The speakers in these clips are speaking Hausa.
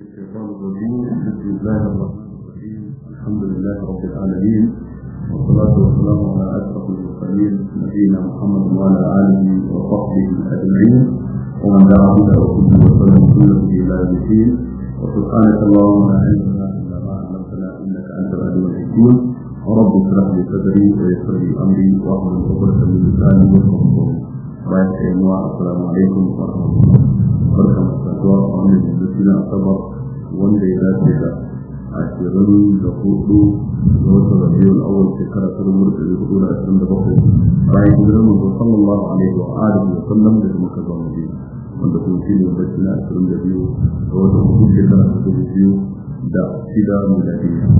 الشيطان الرجيم بسم الله الرحمن الرحيم الحمد لله رب العالمين والصلاة والسلام على أشرف المرسلين نبينا محمد وعلى آله وصحبه أجمعين ومن دعا بدعوته وسلم إلى الدين وسبحانك اللهم لا علم لنا إلا ما علمتنا إنك أنت العليم الحكيم رب اشرح لي صدري ويسر لي أمري واحلل عقدة من لساني يفقهوا قولي السلام عليكم ورحمة الله وبركاته barkan kasuwa a wannan yanzu na asabar wanda ya dace da ashirin da hudu ga watan rabiul awal shekara ta dubu da dari hudu da ashirin da bakwai bayan hijirar manzo sallallahu alaihi wa alihi wa sallam da kuma kaza mabi wanda kuma shi ne wanda na ashirin da biyu da wata hudu shekara ta dubu biyu da shida da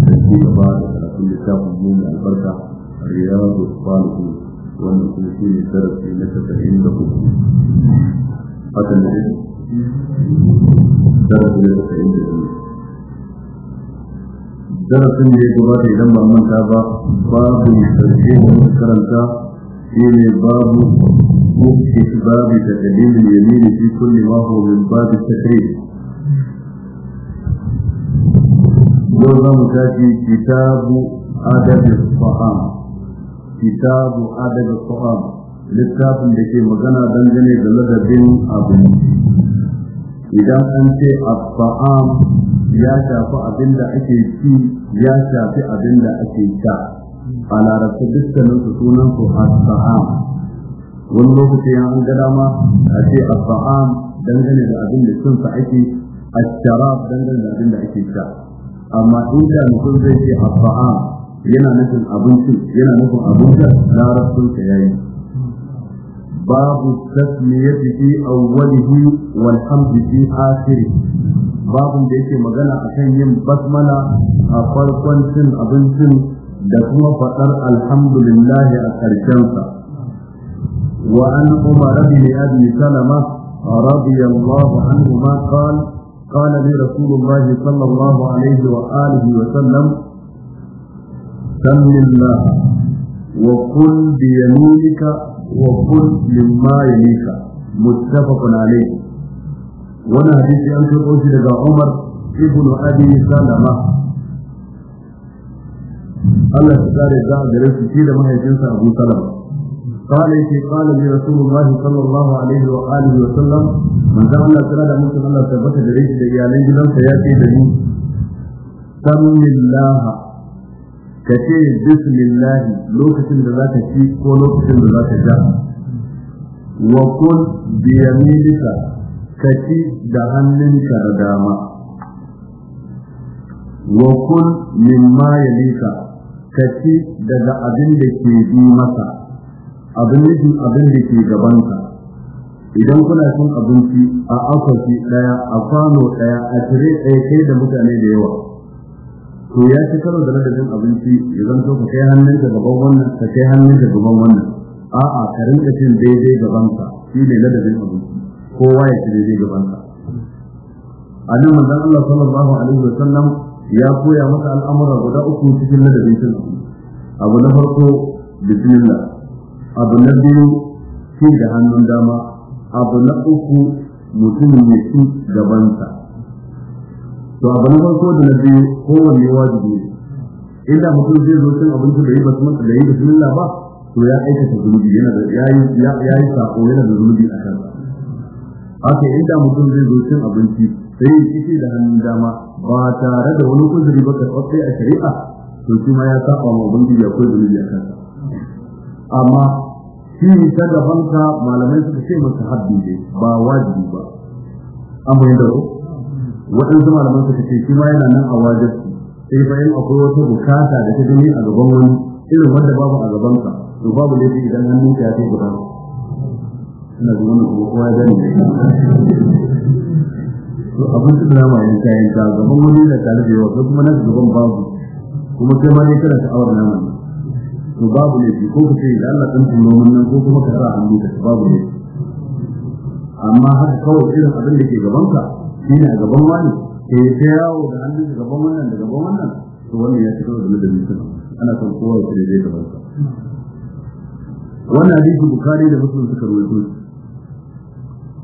ci gaba da karatun littafin mu mai albarka riyadu salihin wannan kuma shi ne darasi na tasa'in da hudu hakan darasin da ya gabata idan ba manta ba babu sarki da karanta shi ne babu mukti babu da dalilin yamini fi kulli ma huwa min babu takrir yau za mu tashi kitabu adabin sa'am kitabu adabin sa'am littafin da ke magana dangane da ladabin abinci idan an ce abba'am ya shafi abin da ake ci ya shafi abin da ake sha a larabta dukkanin su sunan su abba'am wani lokaci ya an ga ma a ce abba'am dangane da abin da sun sa ake asharaf dangane da abin da ake sha amma in inda mutum zai ce abba'am yana nufin abincin yana nufin abincin larabtun sa yayi باب التسمية في أوله والحمد في آخره باب ديك مغانا أكن يم بسملة أفرقن سن أبن سن دكما فقر الحمد لله أكرشنسا وعن عمر بن أبي سلمة رضي الله عنهما قال قال لي رسول الله صلى الله عليه وآله وسلم سم الله وقل بيمينك وقل لما يليك متفق عليه وانا حديث أنت قلت لك عمر ابن أبي سلمة الله تعالى دعا جريس ما هي يجنس أبو سلمة قال يتي قال لي رسول الله صلى الله عليه وآله وسلم من ذا الله تعالى ممكن الله ثبت جريس لإيالين جنس يأتي لدي سمي الله ka ce bismillah lokacin da za ci ko lokacin da zaka ka sha wa kun bi yaminika ka ci da hannunka da dama wa kun mimma yalika ka ci daga abin da ke bi masa abin da abin da ke gabanka idan kuna cin abinci a akwati daya a kwano daya a tire ɗaya kai da mutane da yawa to ya ci karo da ladabin abinci ya so ka kai hannunka gaban wannan ka kai hannunka gaban wannan a'a ka rinka cin daidai ka, shi ne ladabin abinci kowa ya ci daidai gabanka Ali nan manzon Allah sallallahu alaihi wasallam sallam ya koya masa al'amura guda uku cikin ladabin cin abu na farko bismillah abu na biyu cin da hannun dama abu na uku mutumin ya ci gabansa to abu na farko da na biyu kowanne wajibi ne inda mutum zai zo cin abinci da yi basmala da yi bismillah ba to ya aikata zunubi yana da ya yi sako yana da zunubi a kansa haka inda mutum zai zo cin abinci sai ya kici da hannun dama ba tare da wani kuzuri ba karɓaɓɓe a shari'a to shi ma ya saba ma ubangiji akwai zunubi a kansa amma shi ta gabanka malamai suka ce masa habbi ne ba wajibi ba amma yadda waɗansu malaman suka ce shi ma yana nan a wajen sai bayan akwai wata bukata da ta gani a gaban wani irin wanda babu a gabansa to babu laifi idan hannun ya kai guda ina zuwa na kuma kowa ya gani to abin su drama yan kayan ta gaban wani da tare da yawa ko kuma nan gaban babu kuma kai ma ne kana sha'awar naman to babu laifi ko ka ce da Allah dan tuno mun nan ko kuma ka sa hannu da babu laifi amma haka kawai irin abin da ke gaban ka. shi ne a gaban wani yawo da hannun da gaban wannan da gaban wannan to wannan ya fito da madadin suna ana son kowa ya daidai gaban sa wannan hadisi bukari da muslim suka rawaito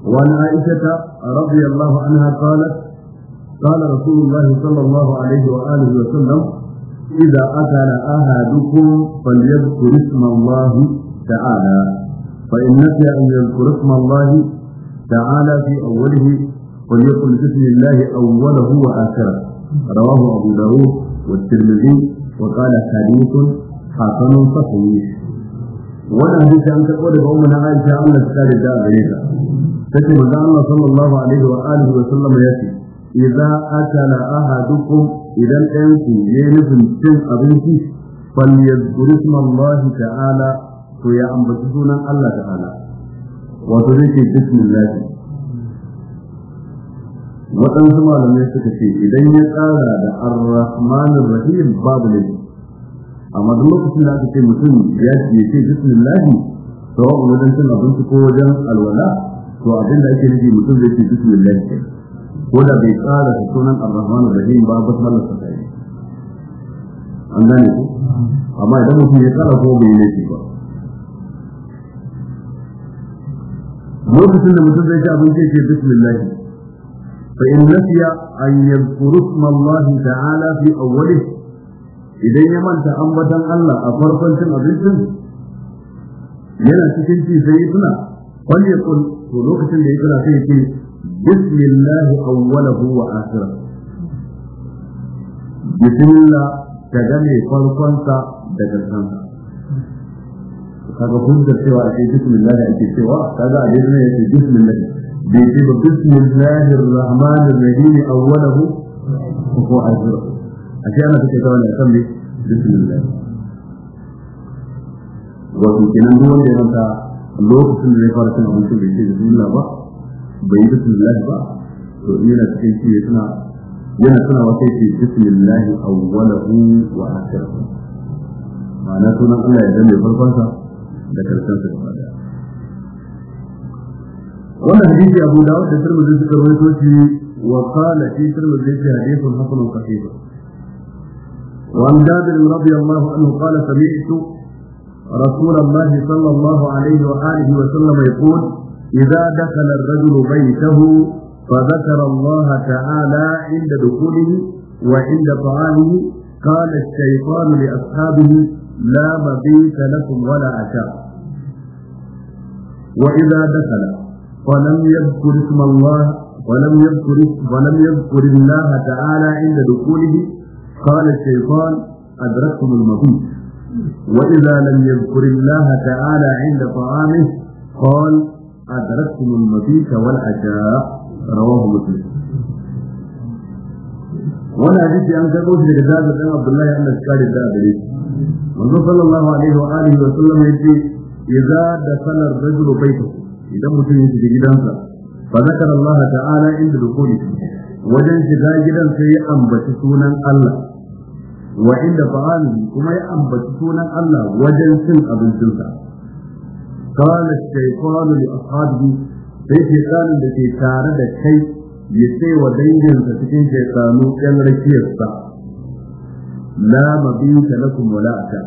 وعن عائشة رضي الله عنها قالت قال رسول الله صلى الله عليه وآله وسلم إذا أكل أحدكم فليذكر اسم الله تعالى فإن نسي أن يذكر اسم الله تعالى في أوله وليقل بسم الله أوله وآخره رواه أبو داود والترمذي وقال حديث حسن صحيح وانا حديث أن تقول بأمنا عائشة أن تقال الداء غيرها تكي الله صلى الله عليه وآله وسلم يأتي إذا أكل أحدكم إذا الأنسي ينف الشيء أبنتي فليذكر اسم الله تعالى ويأنبت سنة الله تعالى وتريك بسم الله waɗansu malamai suka ce idan ya tsara da arrahmanin rahim babu ne amma duk lokacin da aka ce mutum ya ce ce bismillah wa wajen cin abinci ko wajen alwala to abin da ake nufi mutum zai ce bismillah ko da bai tsara da sunan arrahmanin rahim ba basmala ta kai an gane ku amma idan mutum ya tsara ko bai ne ba lokacin da mutum zai ci abin ya ce bismillahi فإن نسي أن يذكر اسم الله تعالى في أوله إذا يمن تأمتا الله أفرقا كم أبنتم يلا تكن في سيدنا فليقل ولوكة ليقل فيه بسم الله أوله وآخره بسم الله تجمع فرقا تجمعا kaga hujjar cewa a ce bismillah da ake cewa kaga a jirgin ya ce bismillah بيجيب بسم الله الرحمن الرحيم أوله وهو آخره أشياء أنا كنت أتولى أسمي بسم الله wato kenan duk wanda ya manta lokacin da ya fara cin abinci bai ce bismillah ba bai yi bismillah ba to yana cikin shi ya tuna yana tuna wata ce bismillah awwalahu wa akhirahu ma'ana sunan Allah ya da وانا hadisi ابو داود da tirmidhi suka rawaito shi wa qala fi tirmidhi وعن جابر رضي الله عنه قال سمعت رسول الله صلى الله عليه وآله وسلم يقول إذا دخل الرجل بيته فذكر الله تعالى عند دخوله وعند طعامه قال الشيطان لأصحابه لا مبيت لكم ولا عشاء وإذا دخل ولم يذكر اسم الله ولم يذكر ولم يذكر الله تعالى عند دخوله قال الشيطان أدركتم المقيت وإذا لم يذكر الله تعالى عند طعامه قال أدركتم المقيت والعشاء رواه مسلم وانا جيت ان تقول في رسالة بن عبد الله ان اشكال الدابري صلى الله عليه واله وسلم يقول اذا دخل الرجل بيته idan mutum ya shiga gidansa fa zakara Allah ta'ala inda dukuli wajen shiga gidan sai ya ambaci sunan Allah wa inda fa'alihi kuma ya ambaci sunan Allah wajen cin abincinsa qala shaytanu li ashabihi sai shaytanin da ke tare da kai ya ce wa danginsa cikin shaytanu yan rakiyarsa la mabinka lakum wala aka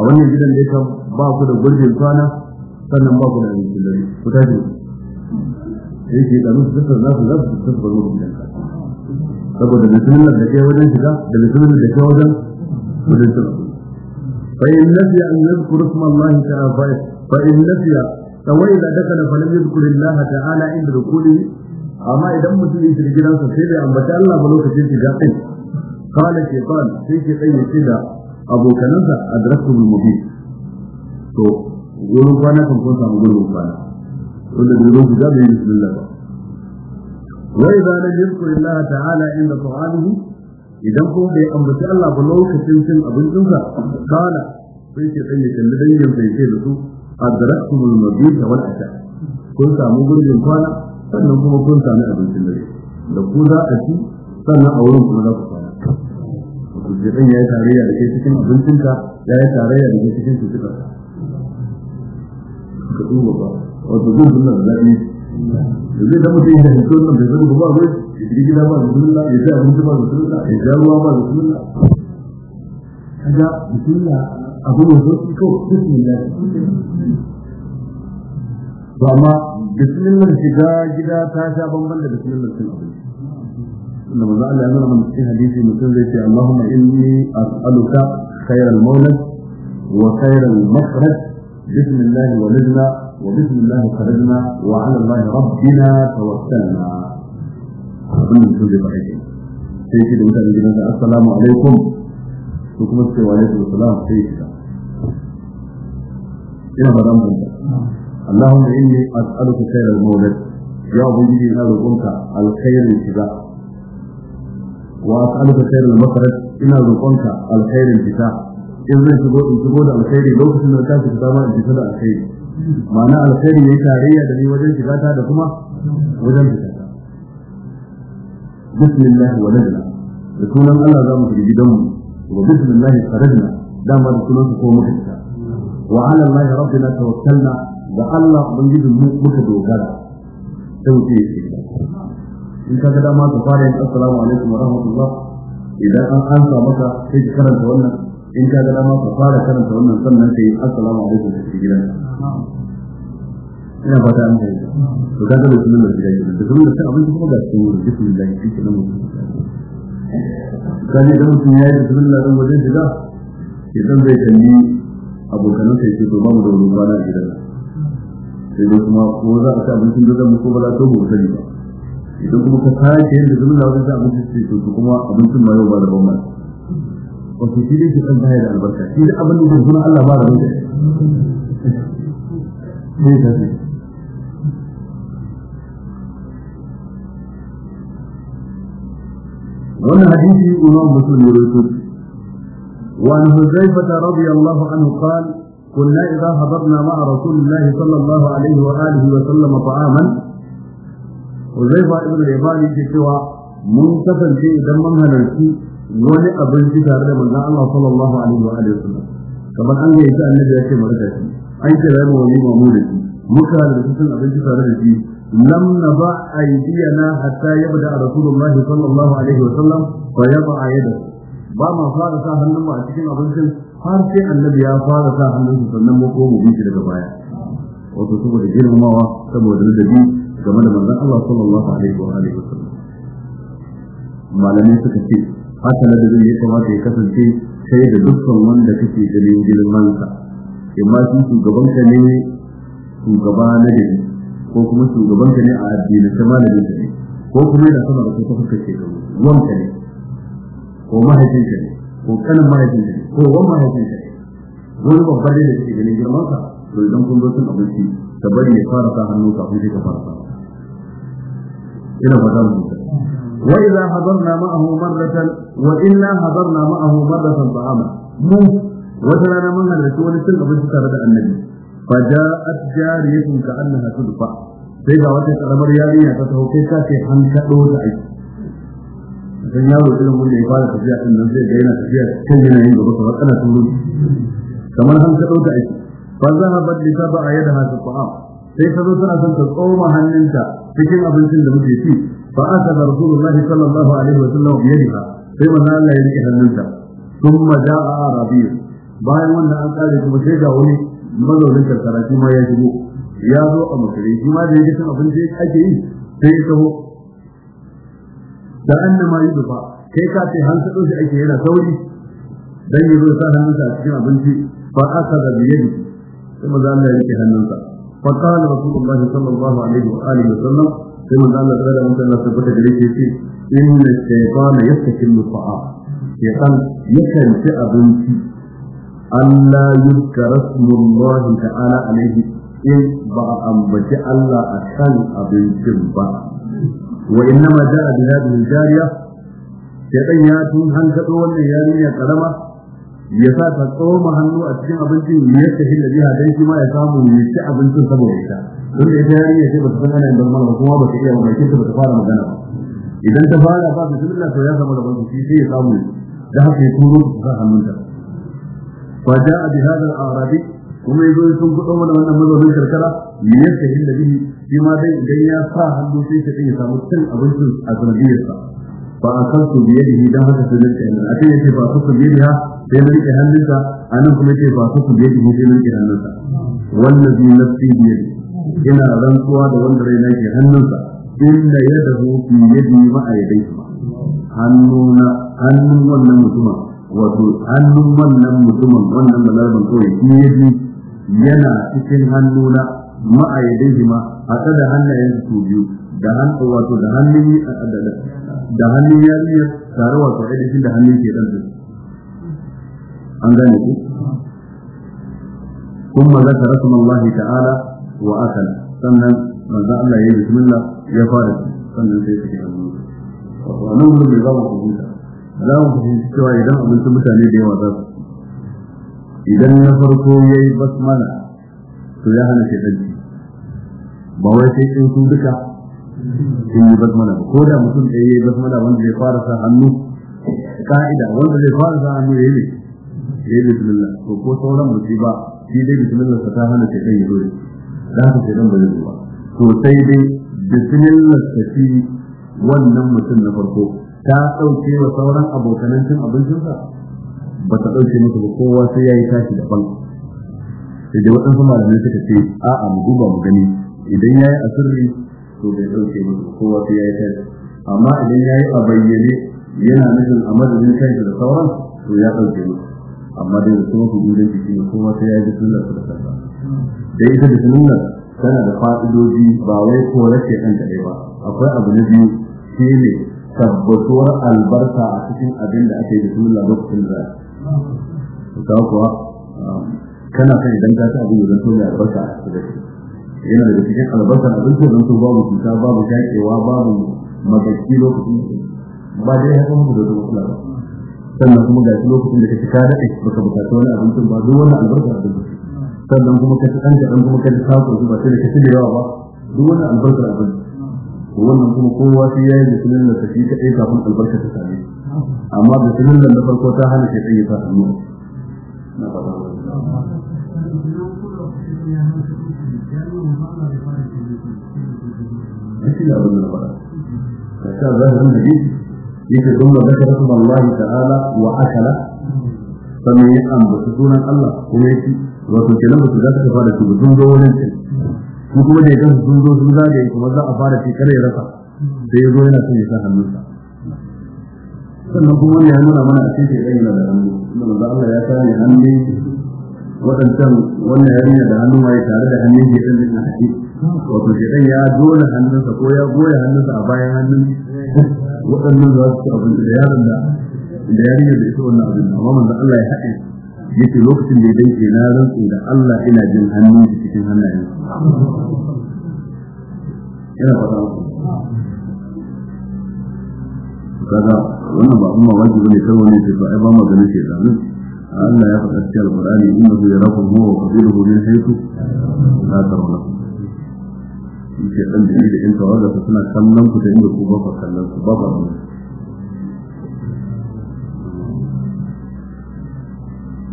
a wannan gidan da ba ku da gurbin kwana sannan ba ku da abincin dare ku tashi sai ke da musu tattara za su za su zuwa gidan saboda mutumin da ke wajen shiga da mutumin da ke wajen wajen shiga فإن نسي أن يذكر اسم الله تعالى فإن نسي سواء دخل فلم يذكر الله تعالى عند دخوله amma idan mutum ya shiga gidansa sai da ambata ba lokacin shiga kai kala shaytan sai ke kai ya ce da abokanansa adrasu bil wurin kwana kan kun samu gurbin kwana wanda da wurin guda bai yi bismillah ba wa idza lam yadhkur Allah ta'ala inda ta'aluhu idan ko bai ambaci Allah ba lokacin cin abincin sa kana sai ke dan ya kalli dan yin bai da su adrakum al-mabita wal asha kun samu gurbin kwana sannan kuma kun samu abincin dare da ku za a ci sannan a wurin kuma za ku kwana ku ji dan yayi tarayya da ke cikin abincinka yayi tarayya da ke cikin cutukarka ka duba ba wato zai suna da daɗi da zai da mutum ya hito nan bai zama ba bai ya shiga gida ba da sunna ya sha abinci ba da sunna ya sha ruwa ba da sunna kaga sunna abu ne zo ki kawai bismillah to amma bismillah shiga gida ta sha bamban da bismillah sun abinci da manzo Allah ya nuna mana cikin hadisi mutum zai ce Allahumma inni as'aluka khairal mawlad wa khairal makhraj بسم الله ولدنا وبسم الله خرجنا وعلى الله ربنا توكلنا ربنا نسوي بعيدين سيدي المتابعين جميعا السلام عليكم وكم السلام عليكم السلام سيدي إلى مدام بنت اللهم إني أسألك خير المولد يا بيجي هذا الأمك الخير الجزاء وأسألك خير المطرد إن الأمك الخير الجزاء in zai shigo in shigo da alkhairi lokacin da tashi fita ma in fita da alkhairi ma'ana alkhairi ya tarayya da ni wajen shiga ta da kuma wajen fita ta bismillah wa najla da sunan Allah za mu shiga gidanmu wa bismillah kharajna dama da sunan su ko muka fita wa ala Allah rabbina tawakkalna da Allah ubangijin mu muka dogara sauke in ka ga dama ka fara yin assalamu alaikum wa rahmatullah idan an ansa maka sai ka karanta wannan in ka ga dama ku fara karanta wannan sannan sai assalamu alaikum da gidan ina fata an yi to ka da sunan da gidan da sunan da abin kuma ga su da shi kenan mu kan ga mutum ya yi bismillah dan wajen shiga ke dan zai kalli abokan sai ce ba mu da wani kwana gidan sai dai kuma ko za a ci abincin da zan ko ba za ta mu sani ba idan kuma ka sake yin bismillah da abinci sai to kuma abincin ma yau ba da ban wato shi dai shekan baya da albarka shi da abin da zai Allah ba da mai da ne wannan hadisi imam muslim ya rawaito وعن حذيفة رضي الله عنه قال كنا إذا حضرنا مع رسول الله صلى الله عليه وآله وسلم طعاما حذيفة ابن العباد في سوى منتفا في دم من wani abinci tare da manzon Allah sallallahu alaihi wa alihi wasallam kamar an ga yasa annabi ya ce mu rika shi an kira mu wani mamu da shi muka da cikin abinci tare da shi lam naba aydiyana hatta yabda rasulullah sallallahu alaihi wa sallam fa yaba ayda ba ma fara sa hannun mu a cikin abincin har sai annabi ya fara sa hannun sannan mu ko mu bi shi daga baya wato saboda girmamawa saboda ladabi game da manzon Allah sallallahu alaihi wa alihi wasallam malamai suka ce haka na da ya kamata ya kasance sai da dukkan wanda kake ganin girmansa imma shi ka ne shugaba na gari ko kuma shugaban ka ne a addini ta malamin ne ko kuma yana sama da kuma kuka ce ka ne ko ka ne ko kanan kanin ka ne ko wan ka ne wani babban ne da kake ganin ka, to idan kun zo sun abinci ka bari ya fara sa hannu kafin sai ka fara sa ina fata mu وإذا حضرنا معه مرة وإلا حضرنا معه مرة طعاما مو وترانا من هل أبو سكرة النبي فجاءت جارية كأنها تدفع سيدا وتك أمر يارية تتوقيك في حمسة أولا dan yaro irin wanda ya fara tafiya din nan zai ga yana tafiya kan yanayin da kuma kana turu kamar han ka dauka aiki fa zahabat li sab'a yadaha fi ta'am sai ta zo tana son tsoma abincin da muke ci فأخذ رسول الله صلى الله عليه وسلم بيدها ثم نال لا يلك هننتا ثم جاء أعرابي bayan wannan an kare kuma sai ga wani mazaunin karkara shi ma ya ya zo a makare shi ma da ya san abin da ake yi sai ya taho da annama yi dufa kai ka ce han shi ake yana sauri dan yi zo hannunsa a cikin abinci fa aka da biyadi wa sallam sai manzo Allah sallallahu alaihi wasallam in gare shi inna shaytana yastakillu fa'a shaytan yakan ci abinci Allah yuzkara smullah ta'ala alaihi in ba a ambaci Allah a kan abincin ba wa inna ma ja'a bi hadhihi jariya shaytan ya tun hankado wannan yarinya karama ya sa ta tsoma hannu a cikin abincin ya ta da biha dan shi ya samu ya ci abincin saboda ita tun da ita yarinya ce ba ta san ana yin ba kuma ba ta iya ba kinta ba ta fara magana ba idan ta fara ba bismillah to ya samu da banki shi sai ya samu da haka ya turo ta sa hannunta fa ja'a bi hadha al-arabi kuma yazo ya sun kudo mana wannan mazaunin karkara me yake yin da bihi shi ma dai idan ya sa hannu sai ta ya samu cin abincin a sanadiyarsa fa akaltu bi yadihi dan haka sai da kenan a cikin sai ba su bi yadiha sai mun ke hannunta anan kuma sai ba su bi yadihi sai mun ke hannunta wallazi nafsi bi yadihi ina rantsuwa da wanda raina ke hannunsa inda ya dahu fi ya bi ma'aikai hannuna hannun wannan mutumin wato hannun wannan mutumin wannan balagin kawai shi bi yana cikin hannuna ma'aikai yadai ma haɗe da hannayen su biyu da hannu wato da hannun da hannun yariya tare wato ainihin da hannun ke ɗan an gane ku kuma zaka rasu الله ta'ala wa akal sannan manzo Allah ya bismillah ya fara sannan sai take hannu wa nan mun da zama fahimta za mu fahimci cewa idan abincin mutane da yawa za su idan na farko ya yi basmala to ya hana shaidanci ba wai sai in sun duka sun yi basmala ba ko da mutum ɗaya ya yi basmala wanda ya fara sa hannu ka'ida wanda zai fara sa hannu ya yi ne ya yi bismillah to ko sauran ba shi dai bismillah ta hana shaidan ya zo Za haka sai nan bayan ruwa ba to sai dai bismillah tafi wannan mutum na farko ta ɗauke wa sauran abokanan cin abincinsa ba ta ɗauke musu ba kowa sai yi tashi daban sai dai waɗansu malamai suka ce a'a mu duba mu gani idan ya yi a sirri, to bai dauke musu kowa sai yi tashi amma idan ya yi a bayyane yana nufin a madadin kansa da sauran to ya ɗauke musu amma dai da kuma su gudun jiki ne kuma sai ya ji sunan su da kansa da ita da sunna tana da fa'idoji ba wai korar ce kan dai ba akwai abu na biyu ne tabbatuwar albarka a cikin abin da ake da sunna lokacin da ka kuwa um, kana san idan ka ta abu da to mai albarka a cikin shi. yana da cikin albarka abin da zan so babu cuta babu shakewa babu magaki lokacin da ba dai ya kuma da zuwa sannan kuma ga lokacin da kake ka da baka bukata wani abincin ba duk wannan albarka da zuwa sannan kuma ka ci ɗan kaɗan kuma ka ci sakon ba sai da ka ci da yawa ba duk wannan albarkar abin to wannan kuma kowa sai ya yi musulun da tafi kaɗai kafin albarka ta same amma da sunan da farko ta hana shi ɗan ya sa hannu na faɗa shi ne abin da na faɗa ka sha zahirin da yake yake sun da zaka rasu Allah ta'ala wa akala sannan ya ambaci sunan Allah kuma ya ci wato kenan mutum za su fara cikin sun zo wurin sai su kuma da yanzu sun zo sun zagaye kuma za a fara ce kare ya rasa sai ya zo yana son ya sa hannunsa sannan kuma wani ya nuna mana a cikin ɗan yana da hannu inda maza Allah ya sani hannu waɗancan wannan ya da hannu waye tare da hannun ke ɗan ɗin haƙi wato ke ɗan ya dole hannunsa ko ya goya hannunsa a bayan hannun waɗannan za su ci abinci da yaron da da yarinyar da ita wannan abin amma manzo Allah ya haɗe yace lokacin da ya dace na rantsu da Allah ina jin hannun shi cikin hannayen yana fata kaga wannan ba kuma wajibi ne kawai ne ba ai ba magana ce da nan Allah ya faɗa cikin Al-Qur'ani innahu yarakum huwa wa qabiluhu min haythu la tarawna yake dan da yake in tawaga suna kallon ku da inda ku ba ku kallon ku ba ba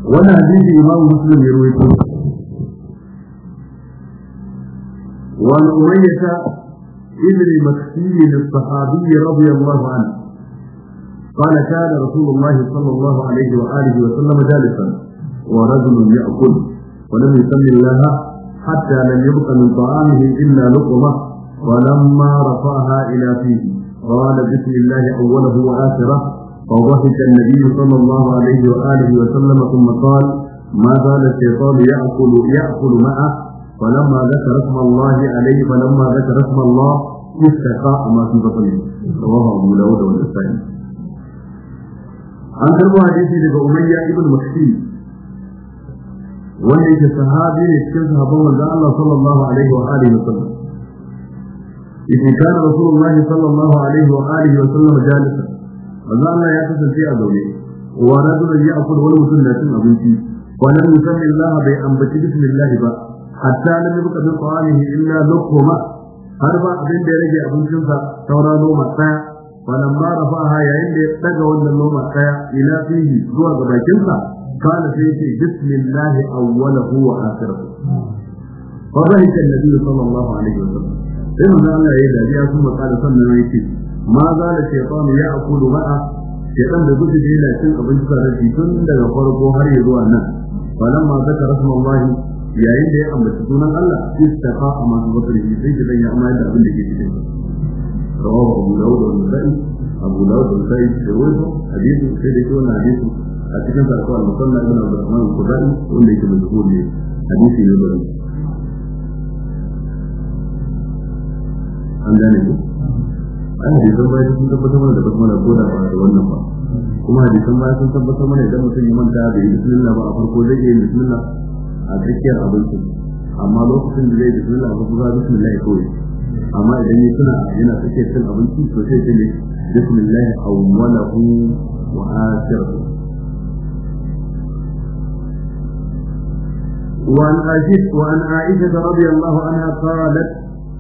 وانا حديث امام مسلم يرويته rawaito اميه ابن ibn الصحابي رضي الله عنه قال كان رسول الله صلى الله عليه وآله وسلم جالسا ورجل يأكل ولم يسمي الله حتى لم يبق من طعامه إلا لقمة ولما رفعها إلى فيه قال بسم الله أوله وآخره فضحك النبي صلى الله عليه وآله وسلم ثم قال ما زال الشيطان يأكل يأكل معه فلما ذكر اسم الله عليه فلما ذكر اسم الله استقاء ما في بطنه رواه أبو داود والنسائي عن كربو حديثي لبا أمية ابن مكسيم وهي كالصحابي يتكلم صحابه وزا الله صلى الله عليه وآله وسلم إذا كان رسول الله صلى الله عليه وآله وسلم جالسا manzo Allah ya kasance a zaune wa rajulun ya'kul wal mutum da cin abinci wa lam yusammi Allah bai ambaci bismillah ba hatta lam yabqa bi qawlihi illa luqma har ba abin da ya rage abincinsa saura noma tsaya falamma rafaha yayin da ya daga wannan noma tsaya ila fihi zuwa ga bakinsa kana sai ce bismillah awwalahu wa akhirahu فضحك النبي صلى الله عليه وسلم sai manzo Allah ya yi dariya kuma kada sannan yake ma za da shaytanu ya a akulu ma'a shaytan da gudu da yana cin abinci tare da tun daga farko har ya zuwa nan falamma zakara rasulullahi yayin da ya ambaci sunan Allah istafa amma su bakar shi sai kidan ya amma da abin da ke cikin rawahu Abu Dawud wa Nasa'i Abu Dawud wa Nasa'i da wani hadisi sai da kowa hadisi a cikin sarko al-Musanna ibn Abdul Rahman al-Qudai wanda yake da zuwa ne hadisi ne da an gane ku an hadisan baya sun tabbatar mana da basmala ko da ba da wannan ba kuma hadisan baya sun tabbatar mana idan mutum ya manta da yi bismillah ba a farko zai iya bismillah a tsakiyar abincin amma lokacin da zai bismillah a farko za bismillah ya kawai amma idan ya tuna yana tsakiyar cin abinci to sai ce ne bismillah awwalahu wa akhirahu وعن عائشة رضي الله عنها قالت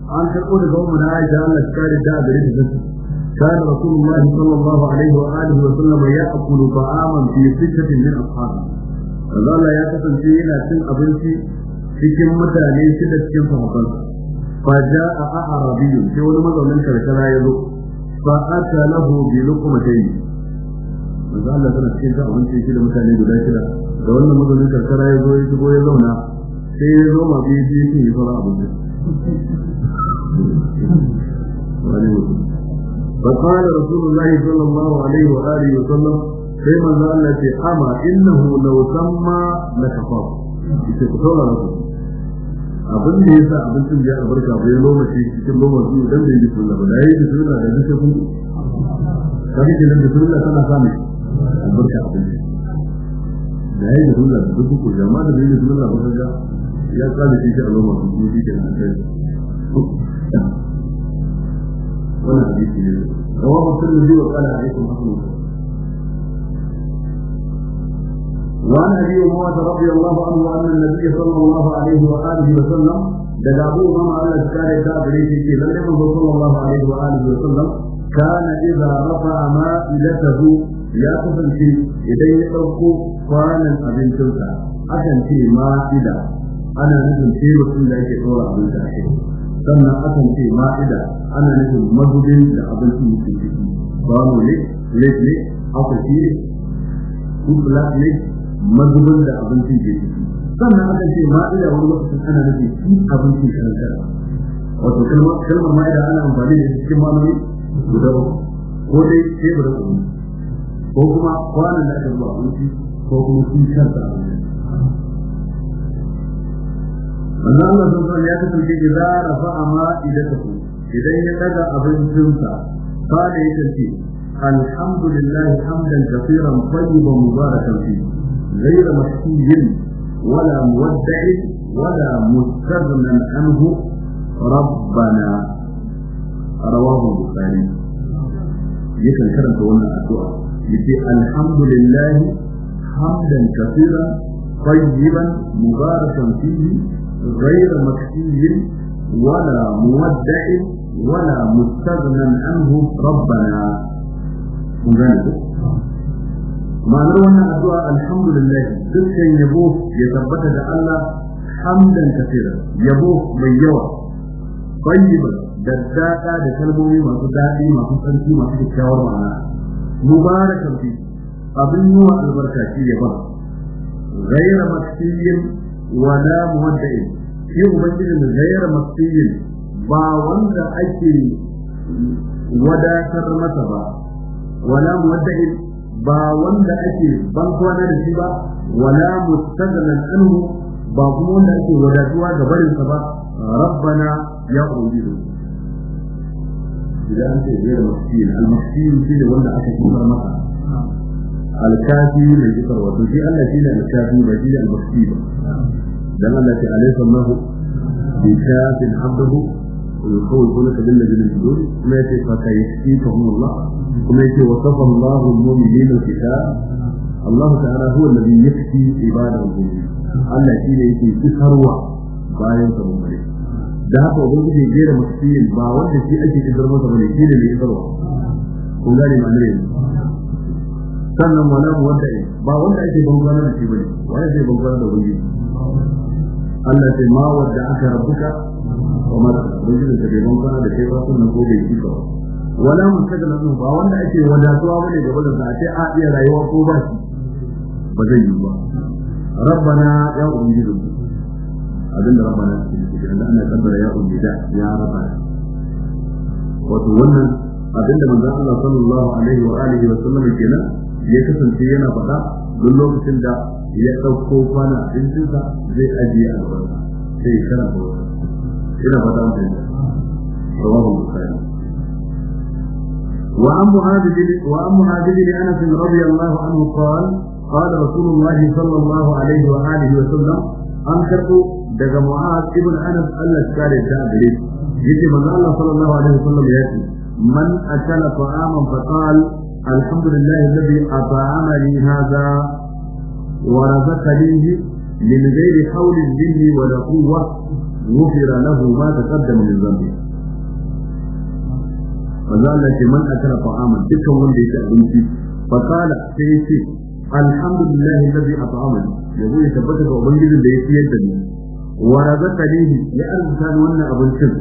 an tako daga umar aisha Allah ta kare ta da ta zata كان رسول الله صلى الله عليه وآله وسلم يأكل طعاما في ستة من أصحابه فقال ya kasance yana cin abinci cikin mutane shida cikin sahabban fa a a'rabiyyu sai wani mazaunin karkara ya zo fa ata lahu bi luqmatayn manzo Allah tana cikin ta abinci shi da mutane guda shida da wannan mazaunin karkara ya zo ya shigo ya zauna sai ya zo ma bi bi shi fara abinci فقال رسول الله صلى الله عليه وآله وسلم كما قال أما إنه لو سمى لكفر يتكتور رسول abin da yasa abincin da ya albarka bai lokaci cikin lokaci idan bai yi sunna ba da yi da sunna da duk sun kaga kenan da sunna tana samu albarka abinci da yi da sunna da duk ku jama'a da bai yi sunna ba kaga ya shi a lokaci kuma wannan hadisi ne rawahu tirmidhi wa qala وعن ابي امامه رضي الله عنه ان النبي صلى الله عليه واله وسلم دعا ابو امامه على الكار الكافرين في لم صلى الله عليه واله وسلم كان اذا رفع مائلته ya kasance idan ya ɗauko kwanan abincinsa akan ce ma'ida ana nufin ce mutum da ake ɗora abinci a sannan akan ce ma'ida ana nufin mazubin da abincin yake ciki ba mu ne lake aka ce kubla ne mazubin da abincin ke ciki sannan akan ce ma'ida wani lokacin ana nufin shi abincin karantar wato kalmar ma'ida ana amfani da cikin manomi guda ko dai tebura ko kuma kwanan da aka zuwa abinci ko kuma shi kansa abinci manzo Allah sun san ya kasance idza rafa'a ma'idatahu idan ya daga abincinsa fara ya kace alhamdulillah hamdan kaseeran tayyiban mubarakan fi ghayra mahsiyyin wala muwadda'i wala mustaghnan anhu rabbana rawahu bukhari yakan karanta wannan addu'a yace alhamdulillah hamdan kaseeran tayyiban mubarakan fihi غير مكفي ولا مودع ولا مستغنى عنه ربنا ذلك ma'anar wannan addu'a alhamdulillah dukkan yabo ya tabbata da Allah hamdan kafira yabo mai yawa tayyiba da dada da kalmomi masu daɗi masu tsarki masu kyakkyawar ma'ana mubarakan fi abin yi wa albarka shi yaban غير مكتوب wala muwaddai shi ubangijin ghayr maqsiyin ba wanda ake wadatar masa ba wala muwaddai ba wanda ake bankwana da shi ba wala mustagnan anhu ba kuma wanda ake wadatuwa ga barinsa ba rabbana ya ubangiji idan an ce biyar maskil al-maskil shi ne wanda aka kifar masa alkafi mai isar wato shi Allah shi ne alkafi ba shi ne almakfi ba dan Allah ta alaihi sallahu bi kafin abdahu wa yukhawwifu laka bil ladhi min dudur ma yati fa kayfihum Allah kuma yake wasafa Allah al-mu'minina al-kitab Allah ta'ala huwa alladhi yakfi ibadahu Allah shi ne yake isarwa bayan sa mummare da haka ubangiji ya gera masfiyin ba wanda shi ake isar masa bane shi ne mai isarwa kun gane ma'anar yanzu sannan wani abu wanda ya ba wanda ake bangwana da shi bane wani zai bangwana da wani Allah ce ma wadda aka rabuka wa ma rajulun da bai bangwana da kai ba sannan ko bai shi ba wala mustaqbal nan ba wanda ake wadatuwa bane gaba da sa sai a iya rayuwa ko ba shi ba zai yi ba rabbana ya ubangiji abinda rabbana ke da ana kaddara ya ubangiji ya rabbana wato wannan abinda manzon Allah sallallahu alaihi wa alihi wa sallam kenan ya kasance yana faɗa duk lokacin da ya ɗauko kwana abincinsa zai ajiye albarka sai kana ba ina faɗa mutum rawahu bukhari وعن معاذ بن وعن معاذ بن انس رضي الله عنه قال قال رسول الله صلى الله عليه واله وسلم انكرت daga Mu'az ibn Anas Allah ya kare ta gare shi yace manzo Allah sallallahu alaihi wasallam ya ce man akala ta'aman fa qala الحمد لله الذي أطعمني هذا ورزقنيه من غير حول مني ولا قوة غفر له ما تقدم من ذنبه maza Allah ce man akala ta'aman dukkan wanda ya ci abinci fa qala sai ce alhamdulillah alladhi at'amani yabo ya tabbata ga ubangijin da ya ciyar da ni wa razaqani ya wannan abincin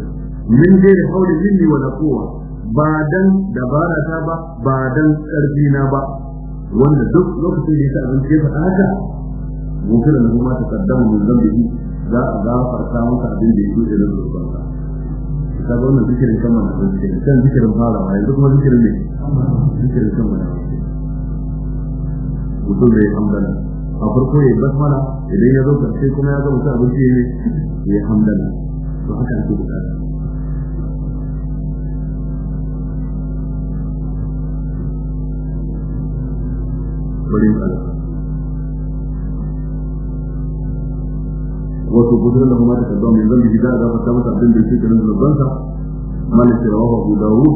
min dai da ba dan dabara ta ba ba dan karfi na ba wanda duk lokacin da ya abin ce faɗa haka kira na kuma ta kaddama mun zambe shi za a gafarta ka abin da ya dole na zurbansa ka ga wannan zikirin kan na ko zikirin kan zikirin farawa yanzu kuma zikirin ne zikirin na mana mutum da ya a farko ya basmala idan ya zo karshe kuma ya zama abin da ya yi ya hamdana to haka ake bukata wurin kala. wato gudunar da kuma ta kaddon mai zambi gida da fata masa abin da yake garin zurbansa malik da rawahu abu dawud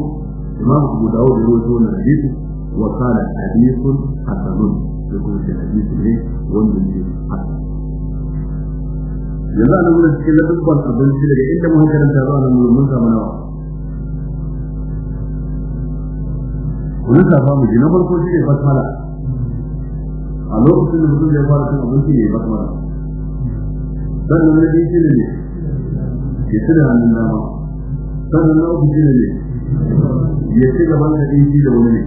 imam abu da ya rawaito wannan hadisi wa kana hadithun hasanun da kuma shi hadisi ne wanda ne hasan yanzu ana nuna cikin ladubban abinci daga inda mun karanta zuwa nan mun samu nawa kun safa mu ji na farko shi ne basmala a lokacin da mutum ya fara cin abinci ne ba mara sannan na biyu shi ne ne ya ci da hannun dama sannan na uku shi ne ya ci gaban da ɗin da wani ne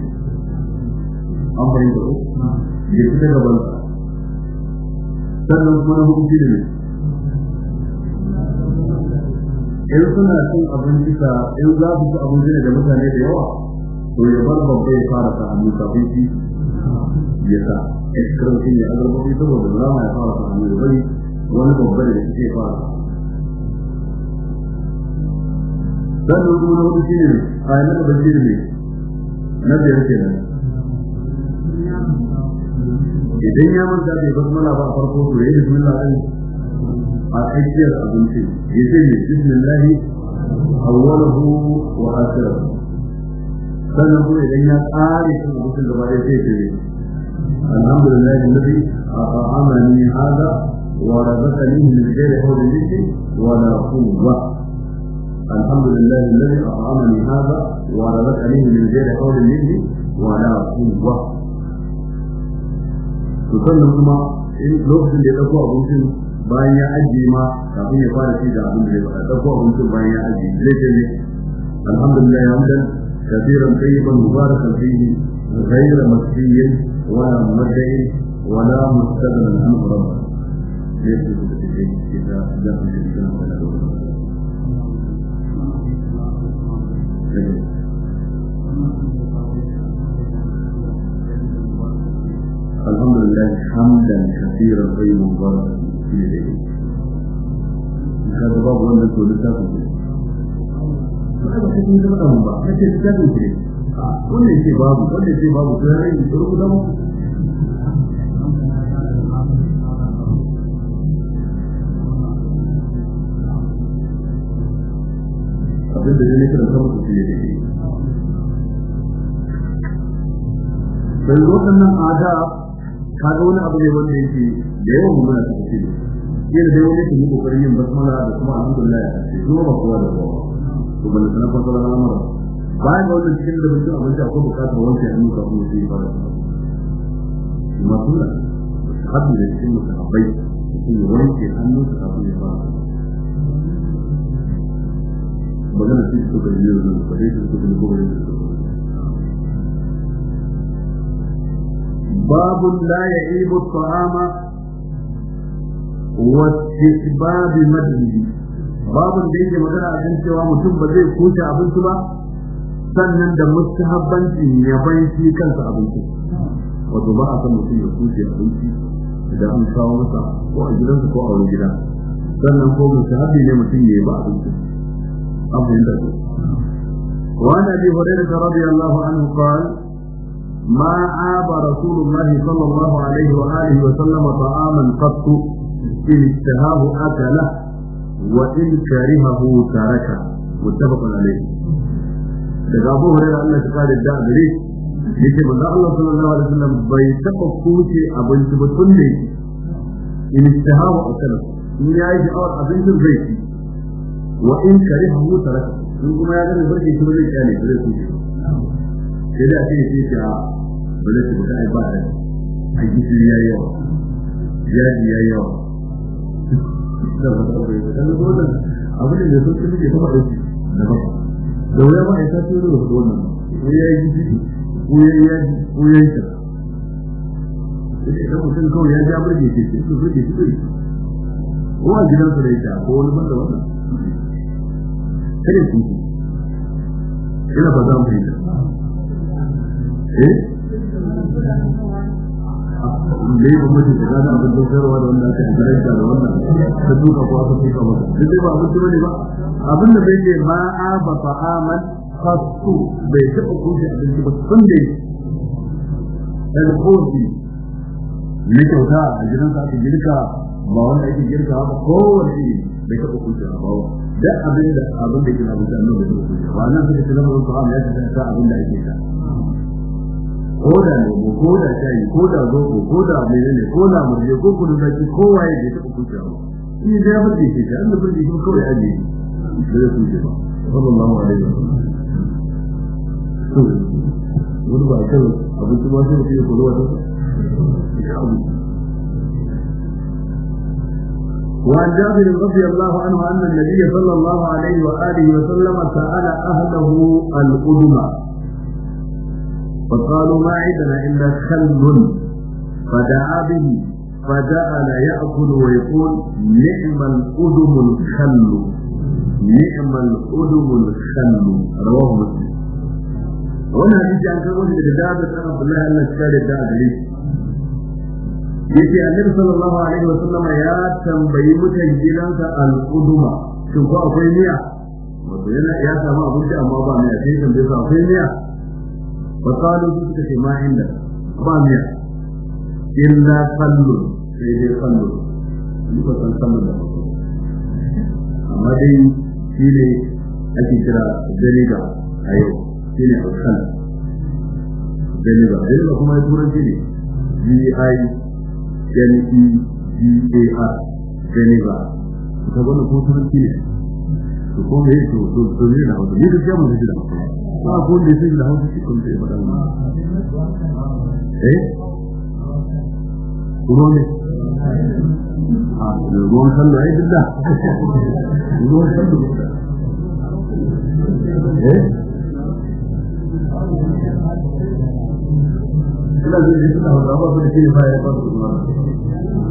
an fahimta ko ya ci da gaban sannan kuma na hudu shi ne ne in suna cin abinci ka in za su ci abinci ne da mutane da yawa to ya bar babba ya fara ta hannu kafin shi ya sa iskar mutum ya agarbafi saboda rama ya fara sa'ani da bari wani babbar da suke fara sannan kuma na wani shine a yi naka bashir ne na idan ya manta bai basmala ba a farko to ya yi bismillah ɗin a tsakiyar abinci ya ce ne bismillahi awwalahu wa akhirahu sannan kuma idan ya tsare shi mutum gaba ɗaya sai ce alhamdulillah wa min wa la quwwa alhamdulillah wa min wa la quwwa to sannan kuma in lokacin da ya abincin bayan ya ajiye ma kafin ya fara ci da abin da ya abincin bayan ya ajiye zai ce ne alhamdulillah ya كثيرا طيبا مباركا فيه غير مسري ولا مدعي ولا مستغنى عنه ربا ليس إذا الحمد لله حمدا كثيرا طيبا مباركا فيه هذا باب وانا كنت ba ba cikin da ba ba na ce ta ce wannan ce babu wannan ce babu sai rai ki tsoro da mu abin da ne kira sabu su ne dake dan wadannan ada ka ga wani abu ne wanda yake da yawan mun da take yana da wani kuma kokarin yin basmala da kuma alhamdulillah sai kuma ba kowa da kowa to ban sanar ko da al'amura bayan da wannan cikin da mutum abin da akwai bukatar wanke hannu kafin mutum ya fara shi ma sunna hadin da cikin mutum abai mutum ya wanke hannu kafin ya fara magana ce su kan yi yanzu ba dai su kan ko ne babu la ya'ibu at-ta'ama wa istibabi madhihi Babu da yake magana a kan cewa mutum ba zai kuce abinci ba sannan da mustahabbancin ya bai shi kansa abinci wato ba a san mutum ya kuce abinci da an kawo masa ko a gidansa ko a wani gida sannan ko mustahabbi ne mutum ya yi ba abinci abu yadda ko وعن ابي هريره رضي الله عنه قال ما عاب رسول الله صلى الله عليه واله وسلم طعاما قط ان اشتهاه اكله wa in karihahu taraka muttafaqun alayhi daga Abu Hurairah Allah ya kare da gare yace manzo Allah sallallahu alaihi wasallam bai taba kuce abinci ba tun ne in istahawa akala in ya yayi da'awar abincin zai ci wa in karihahu taraka in kuma ya gane barke shi ba zai kyale zai kuce sai da ake yi ta ba zai ci ba ai ba a gishiri yi yawa yaji yayi yawa da ba ma aika ce da wannan ko ya yi jiki ko ya yi ko ya yi ta idan mutum kawai ya ja su ko a gidan su da ita ko wani banda wannan kare ina ba za mu eh da yi mutum da gane abin da sayarwa da wanda aka da wannan ta duka ko aka tuka duk dai ba bane ba abin da bai ce ma a ba fa fasu bai ba sun da alkofi a gidan sa girka ba wanda girka ba bai ba abin da abin da ke na mutane ba ba nan ya ta abin da ake ta ko da lemu ko da shayi ko da zobo ko da menene ko da murje ko kudu zaki ko waye da take kuce ba shi da ba ce shi da ba ce kawai aje shi da su ce ba sallallahu alaihi wasallam wani ba kai da ke kullu wata وعن جابر رضي الله عنه أن النبي صلى الله عليه وسلم فقالوا ما عندنا إلا كلب فدعا به فجعل يأكل ويقول نعم الأدم الخل نعم الأدم الخل رواه مسلم wannan hadisi an karbo shi daga Jabir bin Abdullah Allah ya kare da gare shi yace Annabi sallallahu alaihi wa sallama ya tambayi mutan gidansa al-quduma ko akwai miya wato yana ya samu abinci amma ba akwai miya فقالوا suka ce ma inda ba miya illa sallu sai dai sallu duka san sallu da amma dai shi ne ake kira daliga a yau shi ne kuma ne g-i n e g-a-r daliga ta gwada ko turanci ne su kuma yi to to ne na wasu ne da shi ba ko da da hausa cikin eh? ah, da eh ruwan a ruwan duk da ruwan eh ina hausa ba da shi ba ya ba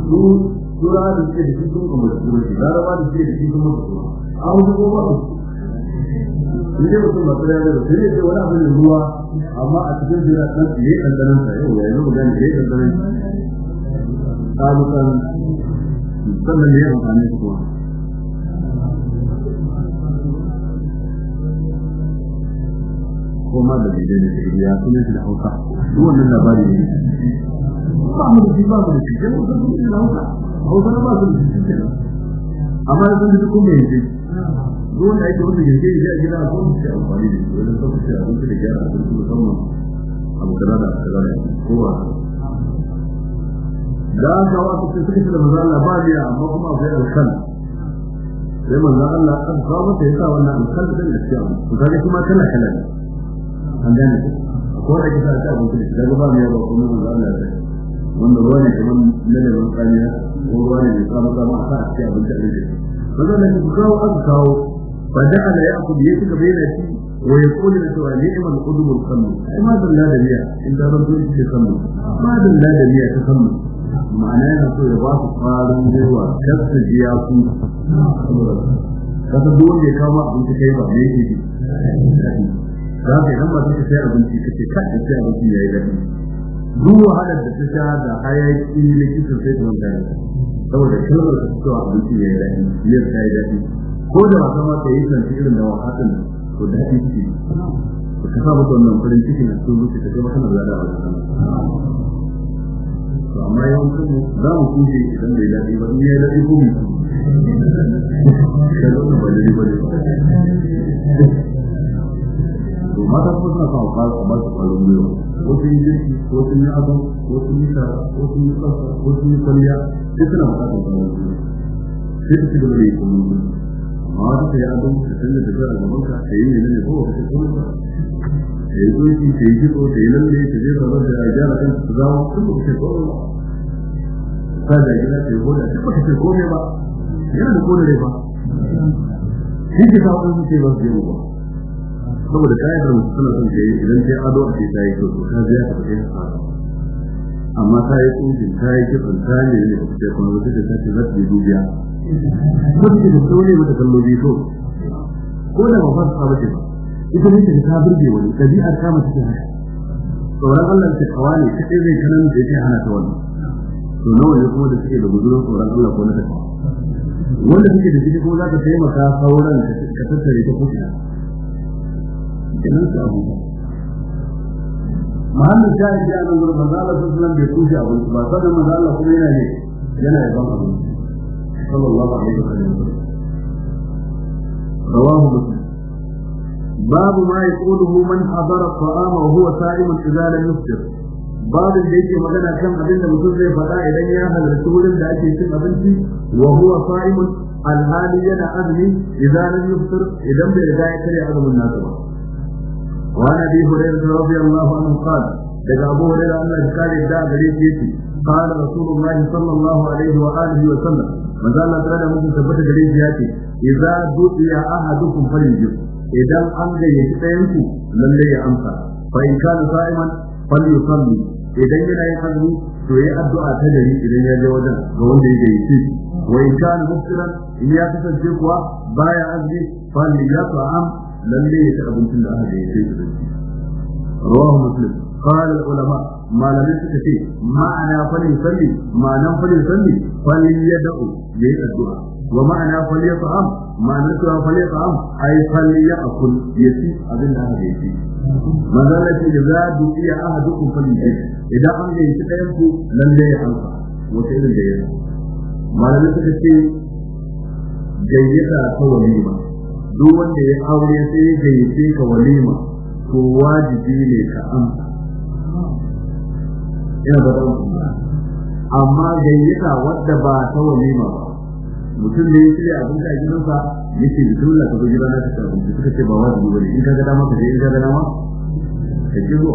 su tura da da kuma da da da da kuma ni dai mutum masu da yadda sai dai wani abu ne ruwa amma a cikin jira dan yayi dandanan sa yau ya yi magana yayi dandanan kalu kan sannan yi amfani da kuma kuma da bidai da ya kuma da hauka duk wannan labari ne ba mu da ba mu da shi da hauka hauka ba su da shi amma da sun duk bai yanzu duk wanda ake wanda yanzu ya gida a kuma shi amfani da shi wajen kafa shi abinci da gyara cikin musamman abu kaza da kaza da kowa da aka wasu sai suka da maza Allah ba amma kuma akwai alkal sai maza Allah an kawo masa ya sa wannan alkal da ya ce abu to kuma kala kala an gane ko akwai da kisa ta abinci da kaga ba ba kuma maza Allah ya wanda ruwa ne kamar na da ruwan tsamiya ko ruwa ne mai samu samu a sa a cikin abinci a rage maza da ku kawo aka kawo ba da ala ya aku biye suka bayyana shi wa ya kone da cewa ni'imar kudumul kallu ai ma dalla da biya in da ran dole shi kallu ma dalla da biya ta kallu ma'ana yana so ya ba su kwarin gwiwa kar su biya ku kasa duk wanda ya kawo ma abinci kai ba me yake ji za ka yi nan ba suka sai abinci kace kai sai abinci ya yi daɗi duk wahalar da ta sha da hayaki na kisan sai ta manta ne saboda kalmar da suka abinci ya yi daɗi miyar ta yi daɗi ko da wasa ma ta yi kanci irin da wahalar to daɗi ciki da ka sa mata wannan farin ciki na cikin zuci ka kai maka na zada a wajen to amma yawancin mu za mu kushe idan bai daɗi ba ya yi daɗi ko mu da zaune ba daɗi ba to mata kuma suna sa wa ba su ƙwarin ko sun yi jirki ko sun yi abu ko sun yi tara ko sun yi tsafta ko sun yi kwalliya duk suna bukatar kwanan su sai su gaba da yi kwanan su amma wata ta yi abu ta canza da a gaban ka ta yi ne ne ko wata kwanan ka ta yi doki ta yi jiko ta yi lalle ta je ba da a gyara kan su zama sun ba kusa kwanan ba ta da gida ta yi hoda duk ba ta ce komai ba yana da kodare ba shi ke sa wani ce ba su yi ba saboda kayan suna son ta yi idan ta yi ado a ce ta yi kyau ta biya ta fita ta amma ta yi tsunjin ta yi kifin ta ne ne ba ta kuma wata ta ce za ta yi dubiya ko ta ce ta tsaune mata kallobi biyu ko da mafa ba ta ba ce ba ita ne ta ta burge wani ɗabi'ar ta mace ta haka tsoron Allah ta ne ta ɗaya zai kanan da ya hana ta wani to nawa ne kuma da suke da gudunar tsoron Allah ko na ta wanda suke da shi kuma za ka taimaka sauran ka tattare ta kuka kenan su abu muhammad ta yi a nan gurin maza Allah sun sunan bai kushe abinci ba sannan maza kuma yana ne yana yaban abinci sallallahu alaihi wa sallam rawahu muslim باب ما يقوله من حضر الطعام وهو سائم اذا لم يفطر babu da yake magana kan abin da mutum zai faɗa idan ya halarci wurin da ake cin abinci wa huwa sa'imun alhali yana azumi idan lam yuftir idan bai riga ya karya azumin nasa ba وعن ابي هريره رضي الله عنه قال لقى ابو هريره ان الكاري دعا غريب يتي قال رسول الله صلى الله عليه واله وسلم ما زال تعالى ممكن تثبت غريب ياتي اذا دعي احدكم فليجب اذا ان غيبت تيمكم لن يا امسى فان كان صائما فليصلي idan yana yin azumi to yi addu'a ta gari idan ya je wajen ga wanda ya gayyace shi wa in kana mufsiran in ya kasance kuwa baya azumi fa liyat'am lalle ya ci abincin da aka da ya ce su dace rawahu muslim qala ulama malamai suka ce ma'ana falin salli ma'anan falin salli falin yad'u yayi addu'a wa ma'ana falin yat'am ma'anan cewa falin yat'am ay falin ya'kul yaci abin da aka da ya ce manzo Allah ce da za du iya ahadukum falin yad'u idan an ga yaci dayan ku lalle ya amsa wata irin da ya malamai suka ce gayyata ta walima duk wanda ya aure sai ya gayyace ka walima to wajibi ne ka amsa ina ba da amma gayyata wadda ba ta walima ba mutum ne ya a duka gidan gidansa yake bismillah ka zo bana ka ci abinci suka ce ba wajibi ne in ka ga dama ka je in ka ga dama ka ji ko.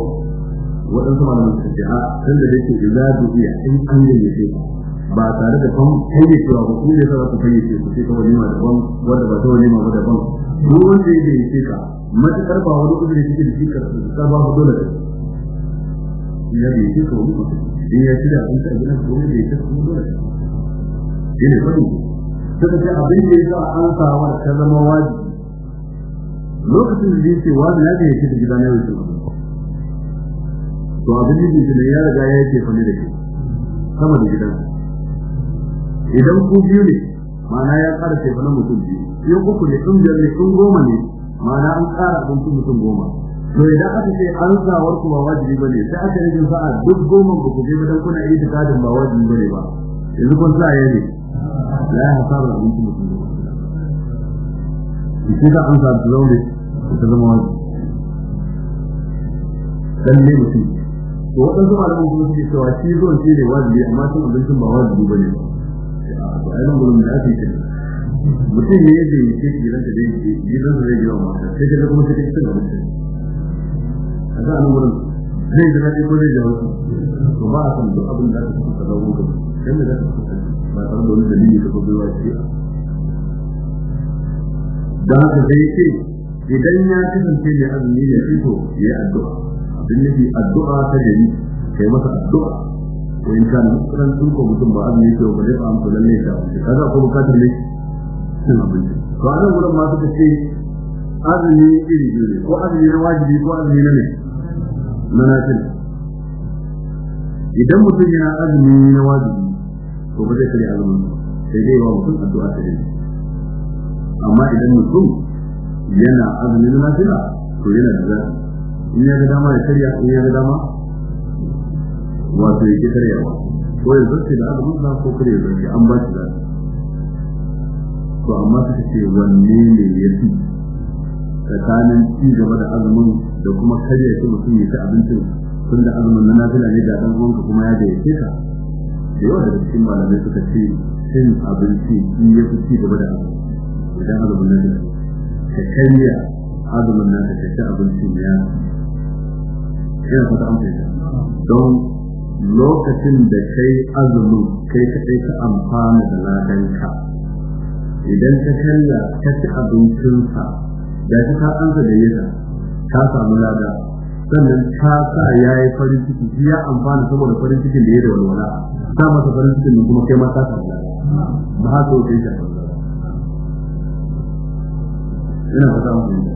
waɗansu malaman suka ce a kan da yake idza du'iya in an gayyace ka ba tare da kan kai cewa ba kuma yasa za ka fayyace su sai ka da daban wanda ba ta walima ba daban duk wanda ya gayyace ka matakar ba wani uzuri kike da shi ka ba ku dole ya gayyace ka wani in ya ci da abin ta gidan ko ne ya ci kuma dole shi ne fadi suka ce abin da yasa an samu ta zama wajibi lokacin da yake wani ya gayyace da gidan yau to abin da yake ya riga ya ce fa ne da ke sama da gidansa idan ku biyu ne ma'ana ya ƙara ce na mutum biyu in uku ne sun biyar ne sun goma ne ma'ana an ƙara abincin mutum goma to idan aka ce an sawar ku ba wajibi ba ne sai aka rikin sa'a duk goma ba ku biyu don kuna iya tikadin ba wajibi ba ne ba yanzu kun sa ya ne la ya hasara abincin mutum goma shi da an sa ta ne ta zama wajibi dan ne mutum to waɗansu malaman kuma suke cewa shi zuwan shi ne wajibi amma sun abincin ba wajibi ba ne ba to ai nan gurin da ake ce mutum ne yadda ya ce gidan da zai ce gidan da zai yawa mata sai da kuma sai ta gaba ce a ga nan gurin zai da zai ko zai da wasu to ba a san duk abin da aka kuka da wuka dan da aka kuka ba a da wani dalili da ko bai wa ce da haka sai ce idan ya kasance mai azumi ne fito ya addu'a abin nufi addu'a ta dani kai masa addu'a ko in kana kuran sun ko mutum ba azumi yake ba dai an kula ne ta kaga ko bukatar ne sun abinci to anan gurin ma suka ce azumi iri biyu ne ko azumi na wajibi ko azumi na ne manafil idan mutum yana azumi na wajibi to ba zai kare azumin sai dai wa mutum addu'a ta dai amma idan mutum yana azumi na nafila to yana da zafi in ya ga dama ya karya in ya ga dama wato ya ki karyawa ko ya zarce da aka mutu ko kare ya zarce an ba shi da to amma suka ce wanne ne ya fi tsakanin ci gaba da azumin da kuma karya shi mutum ya ci abincin tun da azumin na nafila ne da dan uwanka kuma ya da ya ce ka da yawa daga cikin malamai suka ce cin abinci in ya fi ci gaba da azumin idan azumin na nafila ka karya azumin na ka ci abincin ya ina fata an fahimta don lokacin da kai azumin kai kaɗai ka amfana da ladanka idan ka kalla ka ci abincinsa da ka ka ansa da yadda ka samu lada sannan ka sa ya yi farin ciki ya amfana saboda farin cikin da ya da walwala sa masa farin cikin kuma kai ma ka samu lada ba haka wata yi ina fata mu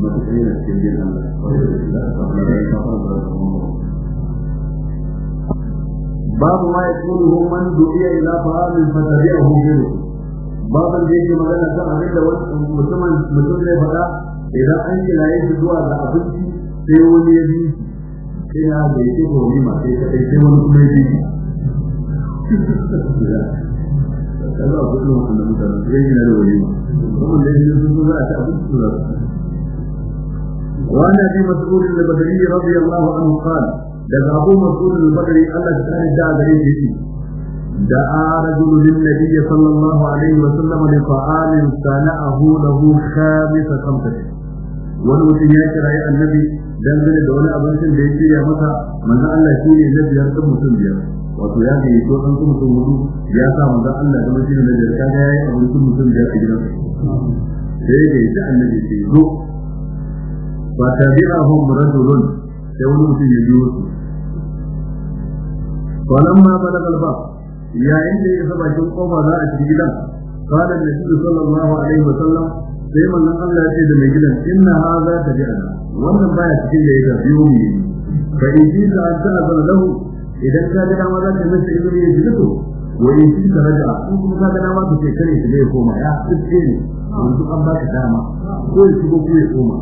matuƙar yana cikin bin Allah da aka samu rayuwa ta fara da kuma babu ma yakunu man du'iya ila fa'alin fatabi'ahu ghayru baban da magana kan abin da mutumin mutum zai faɗa idan an kira shi zuwa ga abinci sai wani ya bi sai ya ga yake ma sai wani ya sai sun a ta abinci su وعن ابي مسعود البدري رضي الله عنه قال daga abu mas'ud al-badri Allah ta yarda gare shi da arajul lin nabiy sallallahu alaihi wa sallam li fa'alin sana'ahu lahu khamisa kamtati wani mutum ya kira ya annabi dangane da wani abincin da ya shirya manzo Allah shi ne na biyar kan mutum biyar wato ya ga yato mutum ya sa manzo Allah da mutum na biyar kaga yayi abincin mutum biyar a gidansa sai da annabi sai zo ba ta biya hun rajulun sai wani mutum ya biyo su falan ma ba da galba yayin da ya saba kin kofa za a cikin gidan قال النبي صلى الله عليه وسلم sai manzon Allah ya ce da mai gidan inna hadha tabi'ana wannan baya cikin da ya biyo mu fa in ji da an ta lahu idan ka ga dama za ta ka masa ibri ya jidu wa in ji ka raja in kuma ka ga dama ka ce kare shi ne koma ya tsaye ne yanzu an ba ka dama ko ya shigo ko ya koma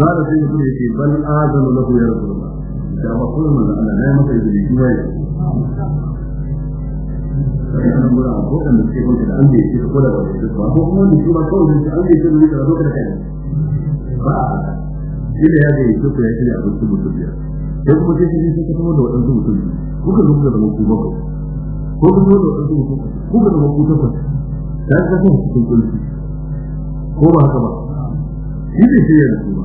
قال سيدنا كل شيء بل آذن له يا رسول الله يا مقول من أنا لا يمكن أن يجي ويا أنا أقول أقول أن الشيء ممكن أن يجي كل ولا يجي وأقول أن الشيء ما كل من أن يجي ولا يجي ولا يجي إلى هذا يشوف يا سيدي أبو سبوت بيا يوم ما تيجي تيجي كتبوا ده أنت بتقول كوكا كوكا ده مكتوب بقى كوكا كوكا ده أنت بتقول كوكا ده مكتوب بقى ده كذا كذا كذا ko ba haka ba shi ne sai ya rasu ba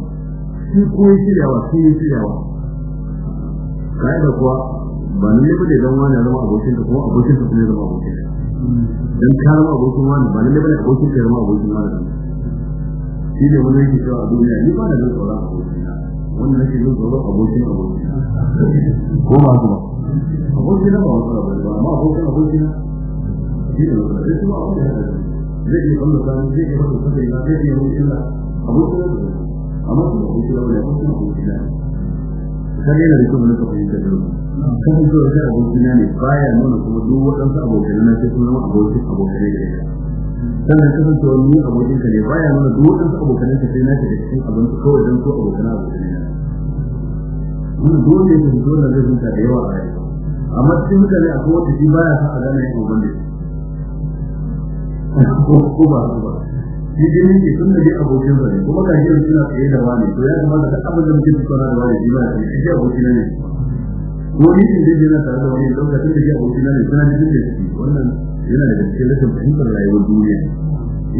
shi ko shiryawa shi yi shiryawa kai da kuwa ba lalle bane dan wani ya zama abokin ta kuma abokin ka ne zama abokin dan ka zama abokin wani ba lalle da abokin ka zama abokin wani shi ne wani yake cewa a duniya ni ba na zan tsora abokin wannan nake jin tsoro abokin abokin ko ba ba abokin ba wani tsoro ba amma abokin abokin shi ne wani zai kuma abokin zai iya kwallo zai iya kwallo zai iya kwallo zai iya kwallo amma kuma ko shi da wani ko kuma da kare da kuma na kafin da dole kuma ko shi abokin ne baya nuna kuma duk waɗansu abokan na sai kuma abokin abokan ne Kuma kasance wani abokin ka ne baya nuna duk wadansu abokan ka na shiga cikin abin kawai dan so abokan abokan ne wannan dole ne dole ne zai da yawa a rayuwa amma cikin mutane akwai wata shi baya sa a gane yin ubangiji ko ba ba ni dai mun ce tun da dai abokin sa ne kuma kaji yanzu suna tsaye da wani to ya kamata ka abin da muke tsara da wani shi ba shi abokin ne ko ni din zai yana tare da wani don ka tun da dai abokin ne suna cikin da shi wannan yana da gaske da rashin fahimtar rayuwar duniya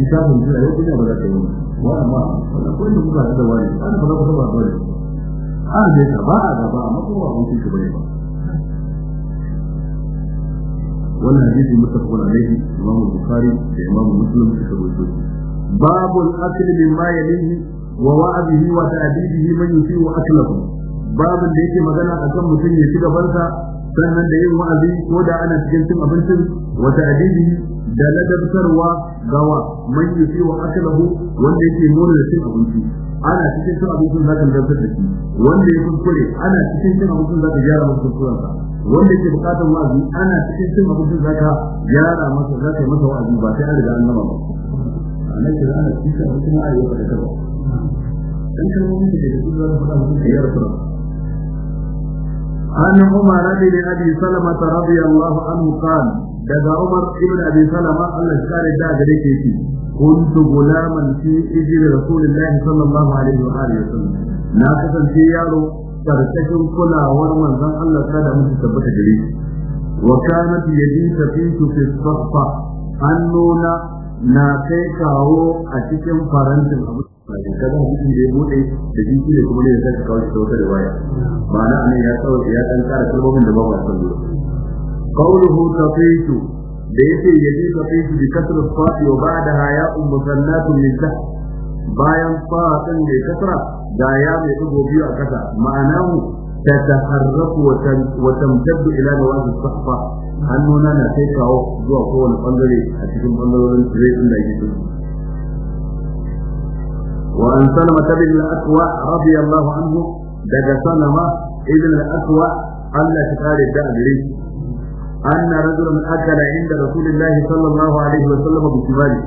in ka fahimci rayuwar duniya ba za ta yi wani wa amma wannan ko inda kuka da wani ana ba za ku ba wani an dai ka ba a gaba amma ko abokin ka bai ba wannan hadisi mutafaqun alaihi imamu bukhari da imamu muslim suka rawaito باب الأكل مما يليه ووعده وتأديبه من يسيء أكله باب da yake magana a akan mutum ya ci gabansa sannan da yin wa'azi ko da ana cikin cin abincin wata adidi da ladabtarwa gawa man yusi wa akalahu wanda yake nuna da cin abinci ana cikin cin abincin za ka da shi wanda ya kuskure ana cikin cin abincin za gyara masa kuskurensa wanda yake bukatar wa'azi ana cikin cin abincin za ka gyara masa wa'azi ba sai an riga an gama ba أن عمر بن أبي سلمة رضي الله عنه قال جزا عمر بن أبي سلمة الله شكار الدعا كنت غلاما في إجر رسول الله صلى الله عليه وآله وسلم ناقصا في يارو ترتكم كلا ورمان ذا الله سادة متثبت جريك وكانت يدي سفيت في الصفة أنونا na kai kawo a cikin farantin abu da kada hadisin da ya bude da jiki da kuma ne da ta kawo shi wata waya ba ne ya tsawo ya dan kara kalmomin da babu a kan dole qawluhu taqaytu da yake yaji tafitu bi kasra fa'i sai wa ba'daha ya ummu sannatun min tahti bayan fatan da kasra da ya mai dubo biyu a kasa ma'anahu tataharraku wa tamtaddu ila nawaz safa hannuna na sai kawo zuwa kowane bangare a cikin bangarorin tsirai da yake wa an salama bin al-aswa radiyallahu anhu daga sanama, ibn al-aswa Allah ta kare da gare shi anna rajulan akala inda rasulullahi sallallahu alaihi wa sallam bi kibari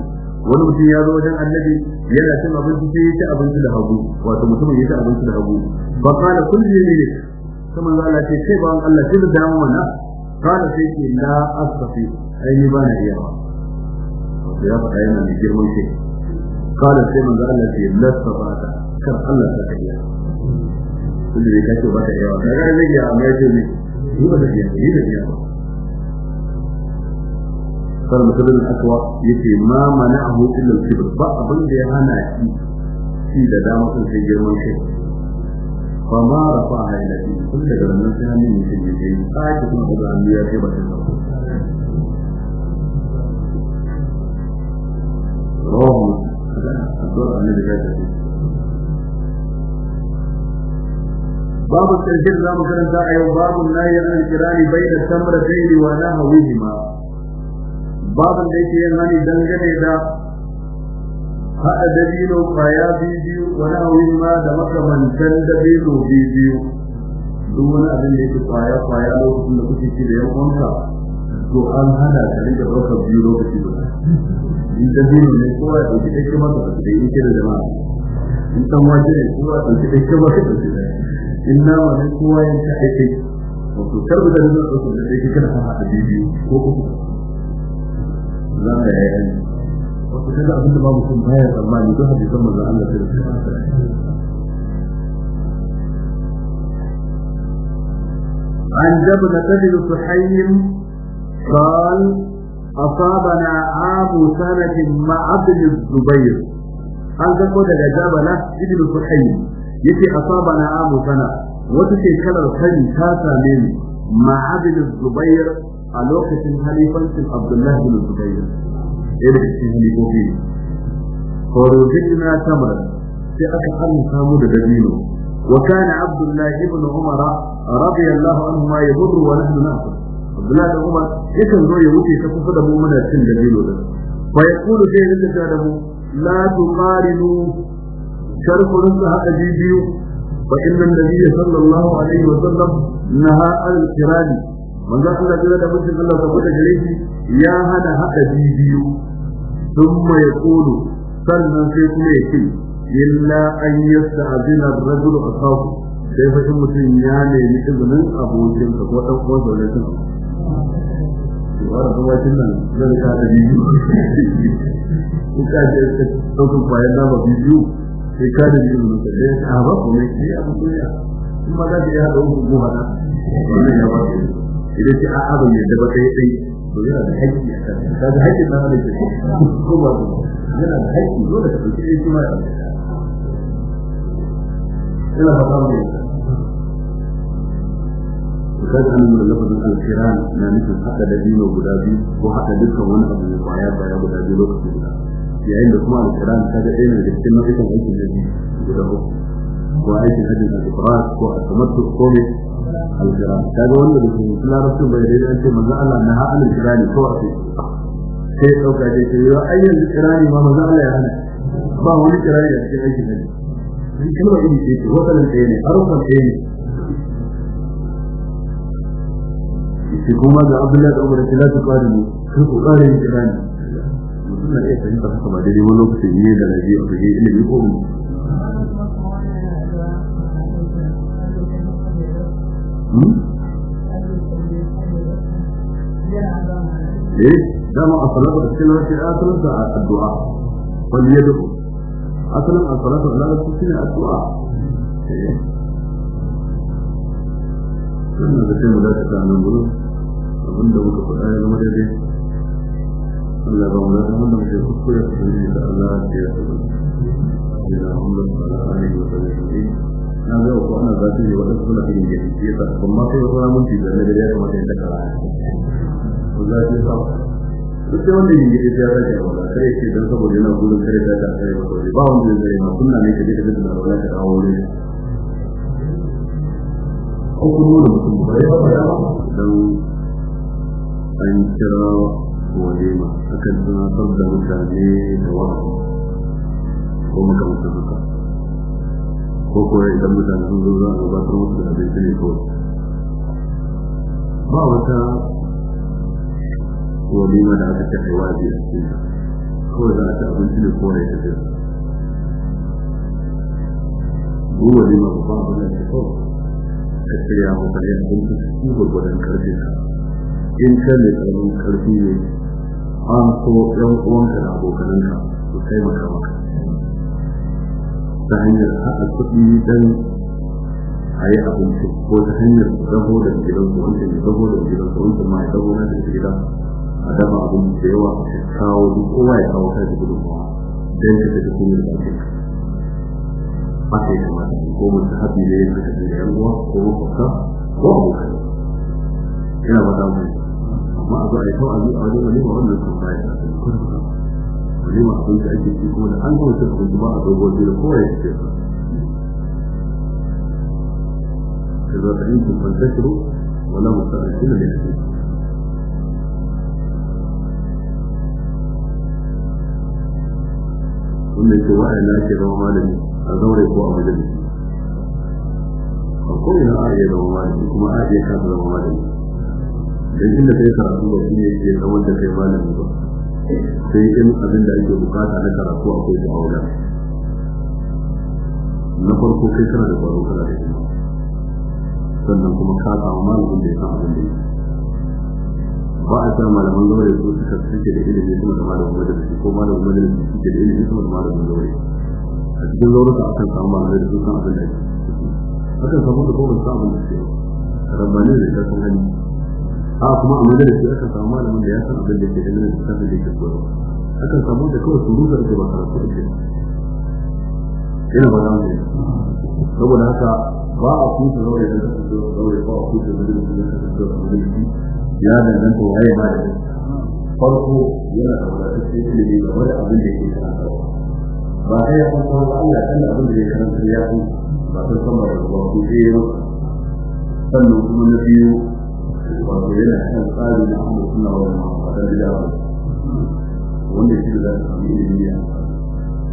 wani mutum ya zo wajen annabi yana cin abinci sai ya ci abinci da hagu wato mutum ya ci abinci da hagu ba kana kulli ne kuma Allah ce kai ba Allah sai da dama mana Kada sai ke la astafi ai ni bana iya ba wato ya faɗa yana mai girman ce. Kada sai manzo Allah ce la sabata kar Allah ta kai kullu da kace ba ta iya ba kaga zai iya amma yace ne ni ba da iya ni da iya ba kar mutum da akwa yace ma mana'ahu illa al-kibr ba abin da ya hana shi shi da dama sun sai girman kai ba ma rafa a hailaki sun daga nan sai hannun mutum ya ke yi tsaki kuma daga hannu ya ce ba ta sauko rawahu addu'ar annabi ya ce babu tarjir za mu karanta a yau babu nayi an kirani bai da samra daili wa nahawihima babun da yake yin hani dangane da haɗa dabino kwaya biyu wani hawin ma da makamantan dabino biyu duk wani abin da yake kwaya kwaya lokacin da kuke ci da yan uwanka to an hana ka rinka ɗaukar biyu lokaci guda in dabino ne kowa ya ɗauki ɗauki masa da cikin yake da jama'a in san waje ne kowa ya ɗauki ɗauki masa a cikin in nama ne kowa ya ta aiki wato karbi da rinka ɗaukar da ɗauki kana a haɗa biyu ko kuma za ka yi aiki abinda babu sun tsammani don Allah sai da عن جبل بن سحيم قال أصابنا عام سنة مع ابن الزبير هل تقول لك له ابن سحيم يتي أصابنا عام سنة وتشكل الخير تاسع من مع ابن الزبير وقت lokacin عبد الله بن الزبير ɗaya daga cikin halifofi ne farojina tamar sai aka mu da dabino wa kana abdullahi ibn umar radiyallahu anhu ma wa nahnu abdullahi ibn umar yakan zo ya wuce ta kusa da mu muna cin dabino da fa yaqulu rinka da mu la tuqarinu sharhun sa hada biyu ثم يقول sannan sai kuma ya ce illa an yasta azina rajulu akahu sai fa in mutum ya nemi izinin ko dan kuma kin nan zan ka da ni ku ka ce ka bayan da ba biyu sai ka da a ko ne ya kuma da ya dauka ba ba to yana da haƙƙi a kan ka ga haƙƙin da wani ke ko ba yana da haƙƙi dole ka ɗauki ɗaya kuma yana fata mu kan an nuna lafazin alkiran na nufin haɗa da dino guda biyu ko haɗa dukkan wani abu mai kwaya kwaya guda biyu lokacin guda yayin da kuma alkiran ta ga ɗaya daga cikin nau'ikan aikin da guda uku ko aikin hajjin alkiran ko a tamattu ko mai al-jira kaga wanda da su bai dai ce manzo Allah na ha al ne ko a sai dauka dai ce yo ayyan al-jira ma manzo Allah ya hana ba wani jira ya ce aiki ne in kalma ini ce ko kalan ɗaya ne harfan ɗaya ne shi kuma ga Abdullahi da Umar da Tilatu Qadimu sun ku ƙara yin jira mutum na iya fahimtar ba daidai wani lokacin ne da lafiya a ilimi ko eh dama a salatu da cikin rashi a salatu da addu'a wani ya duku asalin a salatu da lalata shi ne addu'a sannan eh. da sai mu dace ta nan gudu abinda muka faɗa ya zama daidai Allah ba mu da kuma da muke da Allah ya tsare mu. Ya Allah ta'ala alaihi wa na yau ko ana zafi yi wadda suna cikin gari shi yasa kuma sai wasu ramunci da na da ya kamata ya daga rana ko zafi sa duk da wanda yin gari ya zafi a wala kare ce don saboda yana gudun kare ta ta kare ba ba wanda ya zai ma suna ne ka je ka daga wala ka dawo ne an kuma wani mutum ba ya ba ya don an kira wani ma akan tunatar mutane da wani ko makamantar haka ko kuwa idan mutane sun zo za a gabatar musu da abinci ne ko ba wata walima da aka kashe waje a cikin kawai za a ci abinci ne ko rai tafiya ko walima ba ba ba ne ko ka shirya mutane abinci su gurgurdan karfin ka in ka mai karamin karfi ne an so yan uwanka da abokananka su taimaka maka ta hanyar haɗa kuɗi don a yi abinci ko ta hanyar dago da gidan su wancan ya dago da gidan su wancan ma ya dago na da gida a dafa abinci da yawa a kawo duk kowa ya kawo kai da gudunmawa don ya tafi kuma da ake ko haɗi ne ya tafi da yan uwa ko ko yana ba da mai amma a zo a yi a a wannan walima abin da ake ci kuma da an gama cin abinci a dogon jira kowa ya ce ba ka za ta yankin fantashiru wala masu aiki da yake wanda ke wa'ayi na ake zama malami a zaure ko a majalisi a kowane a iya zama malami kuma a iya kasa zama malami don inda kai karatu ba shi ne ke zama da kai malami ba sai in abin da ake bukata na karatu akwai mu'awala na farko kai kana da kwaro kana da ilimi sannan kuma ka samu malamin da ya san abin da ya ba a sa malaman zama da su suka suke da ilimi suna da malamin majalisi ko malamin majalisi suke da ilimi suna da malamin zaure a cikin zauruka akan samu malamai da su san abin da ya akan samu da kowane san abin da ya rabbani da ya san hali a kuma a majalisi akan samu malamin da ya san abin da ke da nan da da ke koyarwa akan samu da kawai sun rubuta da ba karatu da ke ina ba nan ne saboda haka ba a kusa zaure da su zaure ba a kusa da su da su da su ya danganta waye ba da farko yana da wadatacce ilimi game da abin da yake karanta ba sai ya san kawai Allah kan abin da yake karanta ya san ba sai san ba da ba ku je sannan kuma na biyu wato yana kan tsarin da kuma suna wani mafadar gida wanda shi za su sami ilimi a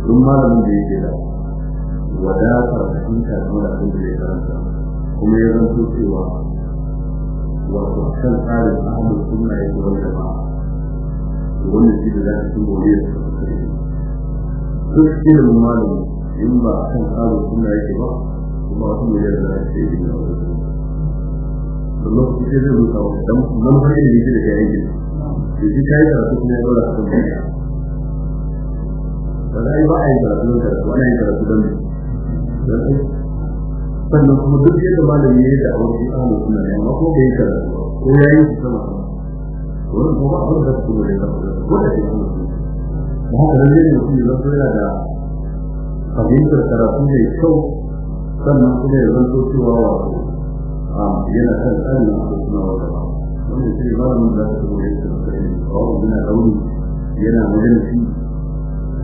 sun malamin da yake da wadatar da game da abin da ya karanta kuma ya zanto cewa wato kan tsarin ahmad suna ya zuwa da ba wanda shi da za su sun gobe shi su duk ilimin malamin in ba kan tsarin suna yake ba kuma wasu miliyar da za su yi da lokaci sai zai rusa wa dan nan har da yake da yayi gina shi kai da su ne dole a kuma Da dai ba ai da su da wani ai da su dan sannan kuma duk yadda malami ya da aure a kuma ne amma ko bai da ko yayi su sama wannan kuma abin da su ne da ko da shi ba haka da ne mutum ya zo yana da fahimtar karatu mai kyau sannan kuma ya zanto cewa wato yana kan tsarin ko kuma wata wanda sai ba mu da su ne su kai ko muna rauni yana magana shi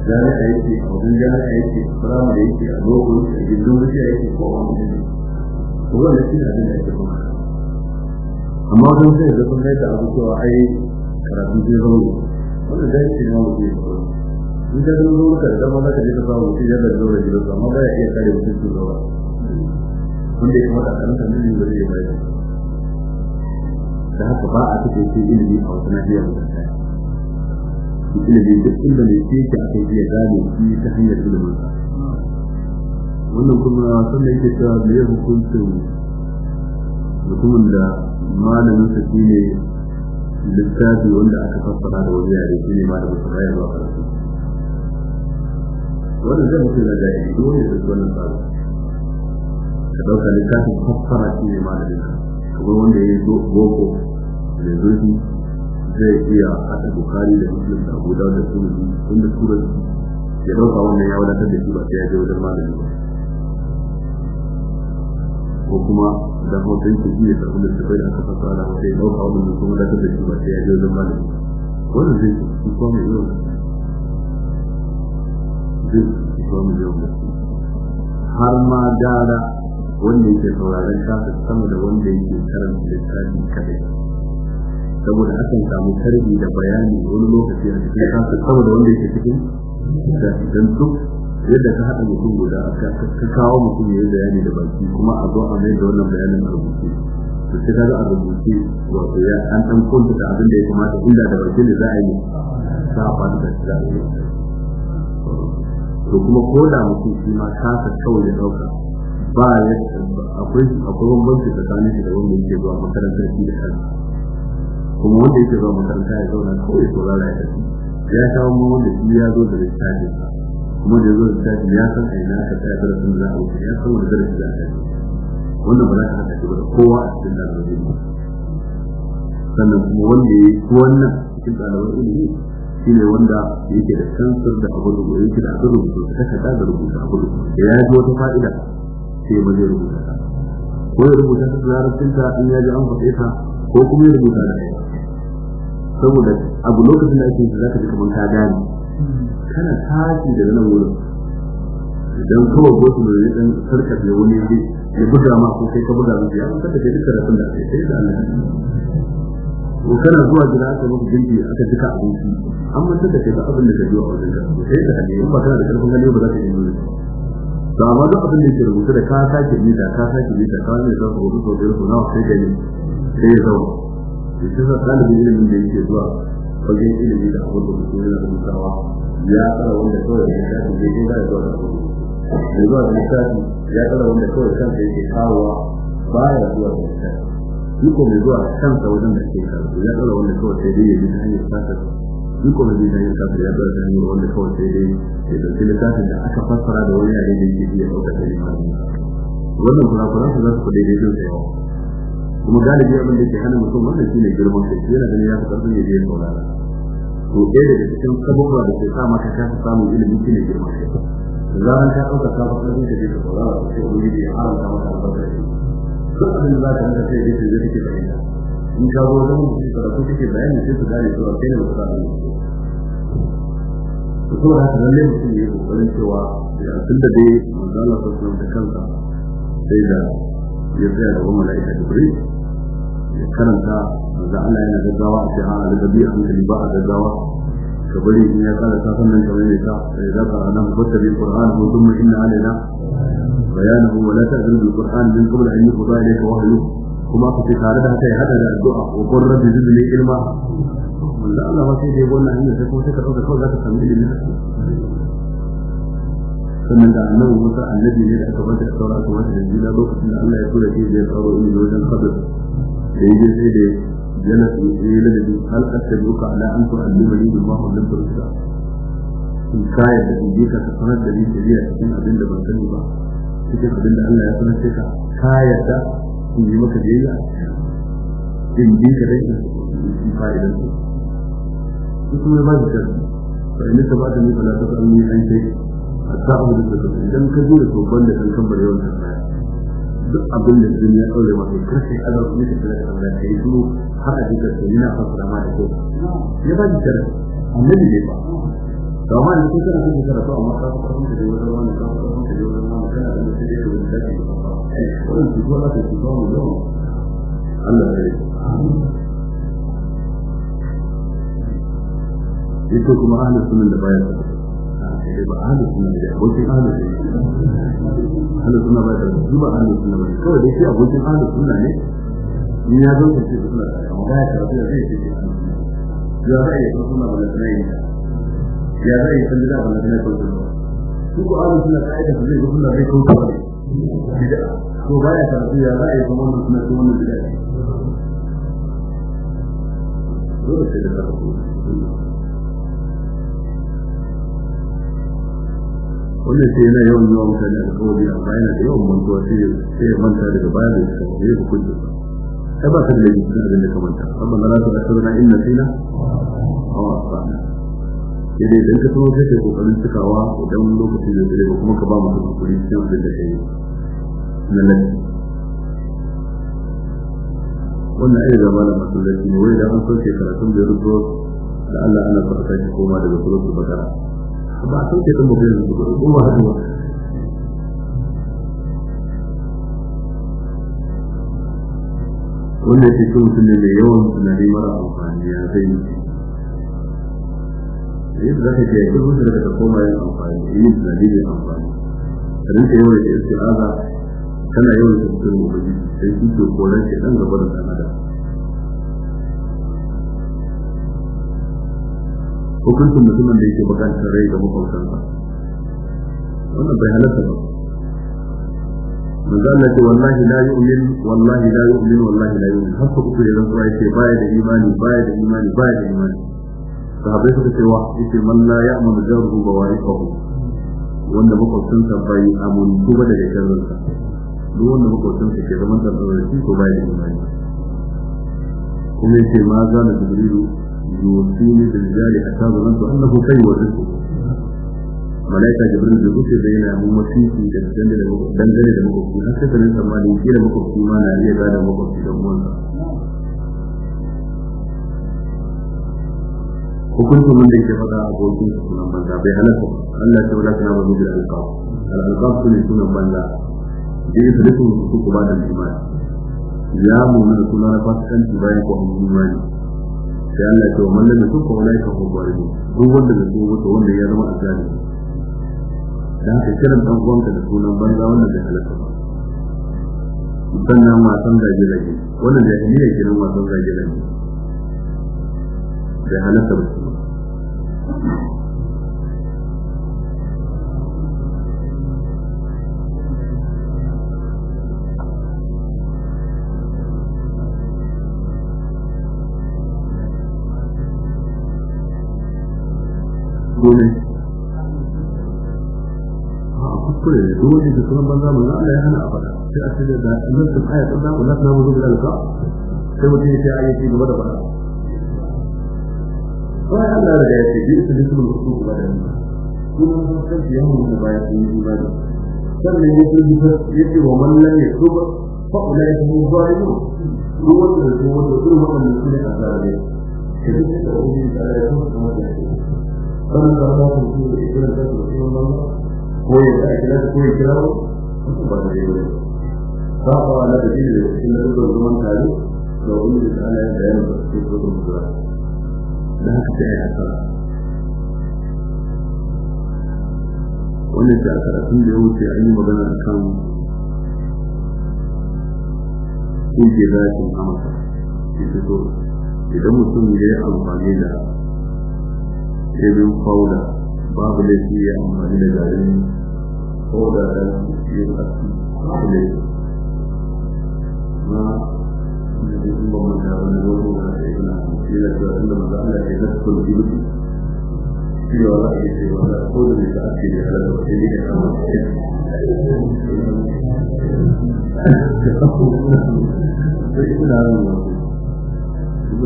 zai a yake a wajen yana a yake salamu da yake a lokacin da gindin wuce yake ko wani mutum ko wanda shi da yake kuma amma don sai da kuma da abu cewa ai karatu zai zama wanda zai ce ma mutum in da zo ka da ka ji ka samu shi da da zo amma ba ya iya kare mutum zuwa wanda ya kamata a karanta ne ba zai bayar da haka ba a take ce ilimi a wata nahiya da ta ilimi da inda mai ce ke aka iya gane shi ta hanyar ilimin sa wannan kuma sannan yake cewa me ya hukuncin mutumin da malamin sa ne littafi wanda aka fassara da wani yare shine malamin sa ya ba karatu wannan zai mutu da jahili dole da wannan tsari ka dauka littafin kwakwara shi ne malamin ka kuma wanda ya yi boko da zurfi zai iya haɗa bukari da muslim da abu da sunubi inda sunan ya dauka wannan ya wadatar da shi ba sai ya je wajen malamin ba ko kuma da hoton shi iya da da bai da aka fasa da sai dauka wannan kuma wadatar da shi ba sai ya je wajen ba wannan zai shi su mai yau zai shi ko mai yau har ma gara wanda yake sauraron kafa sama da wanda yake karanta littafi kadai saboda hakan samu tarbi da bayani wani lokaci a cikin kafa sama da wanda yake cikin don duk yadda ka haɗa mutum guda ka kawo mutum ya yi bayani da baki kuma a zo a mai da wannan bayanin a rubuce to sai kaga a rubuce wato ya an san kunta da abin da ya kamata inda da baki ne za a yi za a fara da za a yi to kuma ko da mutum shi ma kasa kawai ya ɗauka ba ya akwai akwai bambanci tsakanin shi da wanda yake zuwa makarantar shi da kansa kuma wanda yake zuwa makaranta ya zauna kawai saurara ya tafi ya kawo mu wanda shi ya zo da littafin kuma da ya zo da littafin ya san a ina ka tsaya darasin da za a wuce ya san wani darasi za a yi wannan ba za ka haɗa shi ba da kowa a cikin ɗalibai ba sannan kuma wanda ya yi wannan cikin ɗalibai ilimi shi ne wanda yake da kansar da abu rubutu yake da abu rubutu ta kada da rubuta abu rubutu da ya ji wata fa'ida sai ba zai rubuta ta ko ya rubuta ta larabcin ta in ya ji an faɗe ta ko kuma ya rubuta da kai saboda abu lokacin da ake yi zaka ji kamar ta gane kana tashi daga nan wurin idan kawai gosu mai ne dan sarkace wani ne ya buga ma ko kai ka buga mu ya ka da duka da sun da kai sai da Allah ko kana zuwa gida aka maka dinki aka duka abinci amma sai da kai da abin da ka ji a wajen ka sai da hali in ba kana da karfin ganin ba za ka yi ba. to amma duk abin da ke rubuta da ka sake ni da ka sake ni da ka ne da ka rubuta da su na sai gani sai ya zama to shi sa talibin ilimin da yake zuwa fagen ilimi da abin da su yana rubutawa ya tsara wanda kawai da shafi zai yi da zuwa da da zuwa da shafi ya tsara wanda kawai kansa yake kawowa baya zuwa da shafi duk mai zuwa kansa wajen da ke karatu ya tsara wanda kawai sai dai ya bi ta hanyar sata shi kuma zai da yin kafin ya bar kan wanda kawai sai dai ya dauki littafin da aka fassara da wani yare da yake iya ɗauka da littafin wannan kurakuran su za su kuɗe daidai da yawa kuma galibi abin da ke hana mutum wannan shi ne girman kai shi yana ganin ya fi ƙarfin ya je saurara to ɗaya daga cikin abubuwa da ke sa maka ka fi samun ilimi shi ne girman kai da zaran ka ɗauka ka fi ƙarfin ka je saurara sai ubangiji ya haramta maka albarka duk abin da za ka rinka sai ya je sai zai kake in ka zo don su karatu kake bayani sai su gane cewa kai ne musa ne to kuma haka lalle mutum ko kokarin cewa tun da dai manzo Allah sallallahu da sai da ya tsaya da wannan da jibril ya karanta manzo Allah yana gaggawa sai ha ah, da gabi da ba a gaggawa ka bari in ya kara ta sannan mai ta sai da ka nan fata bi qur'an mu dum inna alaina bayanahu wa la ta'dil bil qur'an min qabl an yuqda ilayka wahyu كما في تاريخ هذا هذا الدعاء وقول رب لي علما لا لا ما في يقول لنا انه سيكون سيكون سيكون ذات الحمد لله فمن دعا له موسى الذي يدعى تبادل الثورة تبادل الجنة بوقت ان الله يقول لك يجي الثورة ان يوجد الخبر يجي سيدي جلس يلدد هل اتبعك على ان تعلمني بما هو لم ترشد in kaya da in jika ta sanar da ni shari'a cikin abin da ban sani ba cikin in yi maka biyayya in bi ka dai in fa'idan su su kuma ba su kasu fa in ta ba ta ni fala ta san ni an sai hatta abu da ta idan ka zo da babban da kan kamar yawan ta duk abin da duniya aure ma sai kace Allah ne ka tsara ka da kai su har a duka sai yana fara ma da ko ya ba ni tare annabi ne ba da wani da kuka rubuta karatu ka ka karanta da wani wani ka ka karanta da wani wani kana da mutum da yake da shi wannan duk wani da shi ba mu da Allah ne yi kuma ahlus sunan da baya da eh, ba ahlus sunan da abokin ahlus ahlus sunan ba da su ba ahlus sunan ba kawai dai shi abokin ahlus sunan ne in ya zo ka ce suna da ya karatu da zai ce ya za a yi ba da sanayi ya za a yi san bida wannan na kautar ba su ko alu suna ka'ida su zai gudun da zai kautar ba bida to baya karatu ya za a yi san wannan suna ko wannan bida ne dole sai da karatu wannan sai yana yawan yawan mutane a kawai amma yana da yawan mantuwa sai ya manta daga baya da ya kawai ya hukunta ba ta ba ta da yin suna da kamanta amma na rasa da sarana in na sina a wasa sai dai idan ka so sai kai kokarin cikawa idan lokaci da dare kuma ka ba mutum kuɗi cikin abin da kai na lafi wannan ai da malam masallaci ne wai da an soke karatun da rubo da Allah ana so aka ji koma daga suratul bakara ba a soke kan mutum da rubo ba hadu wannan shi kuma ne mai yawan tunani mara amfani ya zai yadda za ka ce ya kirkuta daga ta koma yin amfani da yin tunani mai amfani ka rinka yawan da yake aza kana yawan da kusurin mabaji sai shi ke koran ke ɗan gaba da ɗan adam hukuncin mutumin da yake bukatar rai ga makwabtansa wannan bai halatta ba manzo Allah ce wallahi la yu'min wallahi la yu'min wallahi la yu'min har ku kuke da zuwa yake baya da imani baya da imani baya da imani sahabbai suka cewa yace man la ya'manu jarhu wa warithahu wanda makwabcin sa bai amuntu ba daga sharrin sa duk wanda makwabcin sa ke zaman da shi ko bai da imani kuma yace ma za na jibrilu yusini bil jali hatta zanantu annahu sayyidun malaika jibril da zuke da yana mu wasiki da dangane da makwabci har sai da nan tsammanin makwabci ma na iya gada makwabci dan uwansa hukuncin wanda ke faɗa a su sunan banza bai halatta Allah ce wala kana bazu bil alqab al alqab ne sunan banza dai da dukkan su kuma da imani ya mu na sunan fasikanci bayan ko imani sai Allah ce wa man lam yakun ulai ka hum waridu duk wanda da su wato wanda ya zama azali da haka kiran dan uwanka da sunan banza wanda da halatta sannan matan zage-zage wannan da ya kira matan zage-zage da halatta ba wani da sunan banza mun Allah ya hana a faɗa sai a cikin da lantar aya ta da wala ta mutu da alƙa sai mutum ya ce ayi ci gaba da faɗa bayan Allah da ya ce bi su bisu mun su gaba da ni kuma mun san ya mun da bayan sun yi ba da sannan ya ce ya ce wa man lam yatuba fa ulai hum zalimun duk wanda da duk wanda duk wanda da su ne azzabe sai da ubangiji Allah ya kuma da shi sannan da ba su da ikon da su ne wannan koyi da ake da koyi kirawo ba da dai ba ba ba da dai da cikin da duk zaman tare da wani da ana yin bayani da su ko da mutuwa da haka sai ya fara wannan da karatun da ya wuce an yi magana akan kuke zafin amsa ita so idan mutum ya yi amfani da ilimin fauda babu laifi ya amfani da garin ko da ɗan a babu laifi da duk ba da wani da ya yi na shi da ta inda maza shi wala ke ko da ne ta ake da da wata ne kama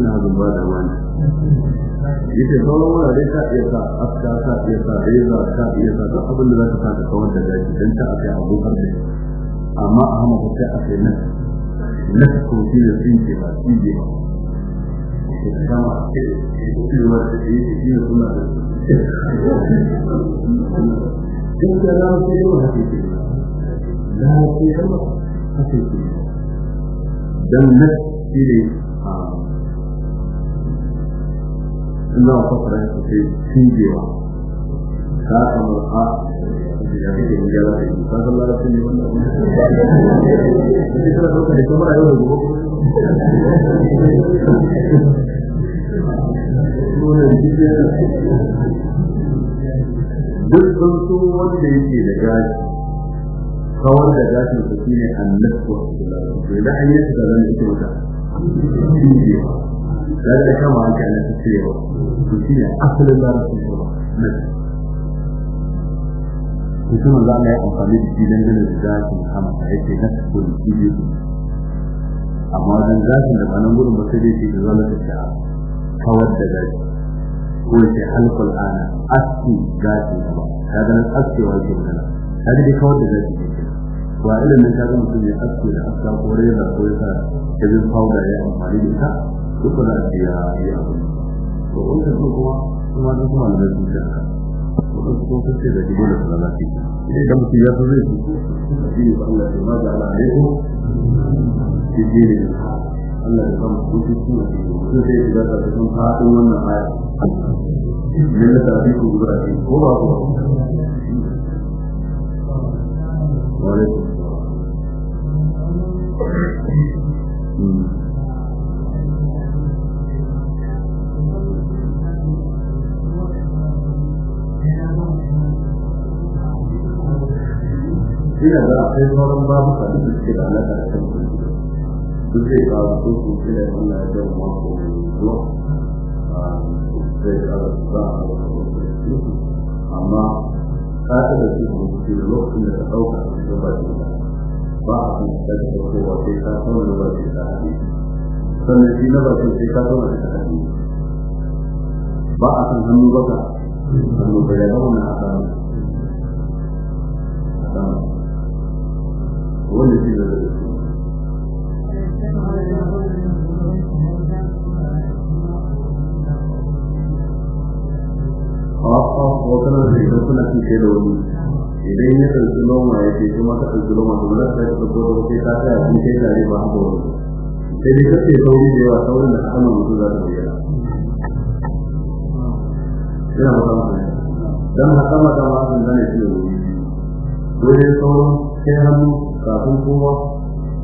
da na da wani yace sauran wurare ka iya sa aska ka iya sa reza ka iya sa duk abin da za ka sa ka kawar da gashi dan ta akai abu kan ne amma a hama sai akai nan na ko shi ne sun ke ba shi ne ba kama ake cewa da shi ne shi ne kuma da shi kun ga na da hakiki na sai da dan na shi ne a inda wa fafara ya fi cinjewa ta kamar a da kake yin gyara da yi kasan larabcin ne wanda wani da shi tana ɗauka da kamar a yau da gobe duk tsuntsu wanda yake da gashi kawar da gashin su shine annabi wa sallallahu alaihi wa sallam idan an yi tsara ne ita wata cinjewa da da kama an kana ta cewa to shi ne asalin larabci ne ba kuma za a yi amfani da shi dan ganin zakin hamsa yake na cikin shi amma dan zakin da banan gudun ba sai dai da zalaka ta kawar da zaki ko sai halqul ana aski zaki da ba kaga nan aski wa ke magana kaga dai kawar da zaki ke wa ilimin kaga mutum ya aski da aska ko rera ko ya sa da powder ya amfani da ta? duk ba za a ya yi abu to wancan sun kuma kuma duk kuma da su da haka wannan su kuma sai da dole su zama ce idan da mutum ya san zai shi ne Allah ya ba da ko shi ne Allah ya kama su su su su sai su ga ta sun fadin wannan aya lalle ta bi ku gura ce ko ba ko wa alaikum Mm-hmm. ina da akwai sauran babu ka duk suke da alaƙa da kan duk zai ba su su da Allah ya ga mu ko a ah, zai ga za a amma ka ta da su mu ke lokacin da ka dauka da ba shi ba a kan da ko wa sai ka samu da ba shi da hadisi sannan shi na ba shi sai ka samu da hadisi ba a kan hannu baka hannu bayanan wannan a kan wanda shi da zai a wakanar da idan kuna cike da wani idan ya ɗauki noma ya ce kuma ta ɗauki noma to za ta ɗauki ko ta kai ta kai a cikin kai tare ba haka wani sai dai kace sauri da yawa saurin da haka mutum za ta ina ba ta dan haka ma ta sun zane shi ne wuri sauran sai hannu kafin kuma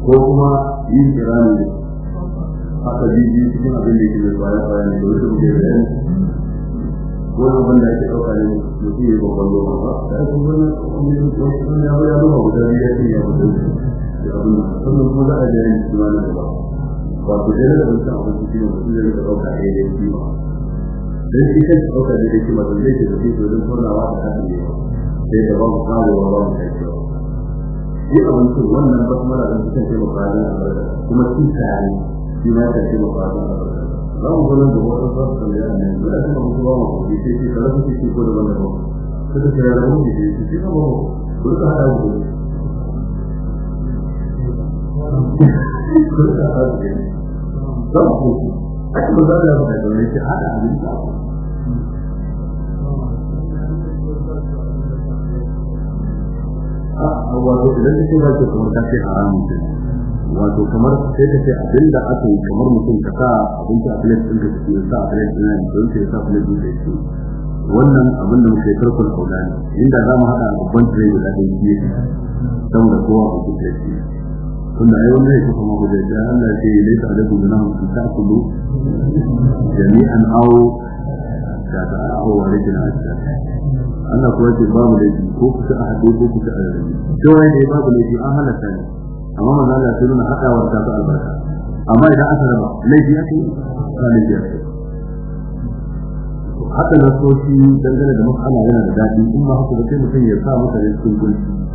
ko kuma yin kirani haka bibi cikin abin da yake da baya baya ne da wasu da wannan wanda yake ɗauka ne mutum yi ba kwallo ma ba da ake wannan wani ya baya ba guda biyu ya ce ya mutum da abin da sannan kuma za a da yin suna na gaba wato jere da wancan abin cikin mutum zai da ɗauka ne da yake ba dan ita ce ɗauka ne da yake ma zai ke da shi domin kurnawa da hakan ne ba sai da babu kawowa babu kai ya kawanci wannan basmala da suka ce ba fara kuma shi shi ma ta ce ba fara za mu gurin da wasu ba su da ne ba da kuma kuma ba ku ce shi kala ku ce ko da wannan ba suka ce da mu ce shi ba mu ku ka hada ku ku ka hada ku za ku ku a kuma da ya ba da ne ce hada abin ta wato idan ka ce kamar ka ce wato kamar sai ka ce abin da aka yi kamar mutum ka sa abinci a plate ɗin ka ce sa a plate ɗin ya don ka sa plate da ka ci wannan abin da muke tarkon kauna ne inda za mu haɗa babban tire da ne ki saboda kowa ku kuka ce ci da ai wannan ya kuma da ya Allah ce laisa alaikum junahun ta ta'kulu jami'an awo da awo wa cikin Allah kuwa ce babu laifi ko kusa a haɗe ko kusa a rarrabe to wai ne babu laifi an halatta ne amma manzo Allah sai nuna haɗawar ta ta albarka amma idan aka raba laifi ya ce ba laifi ya ce haka na soci dangane da mas'ala yana da daɗi in ma haka ba sai mutum ya sa masa ya cikin gunki manzo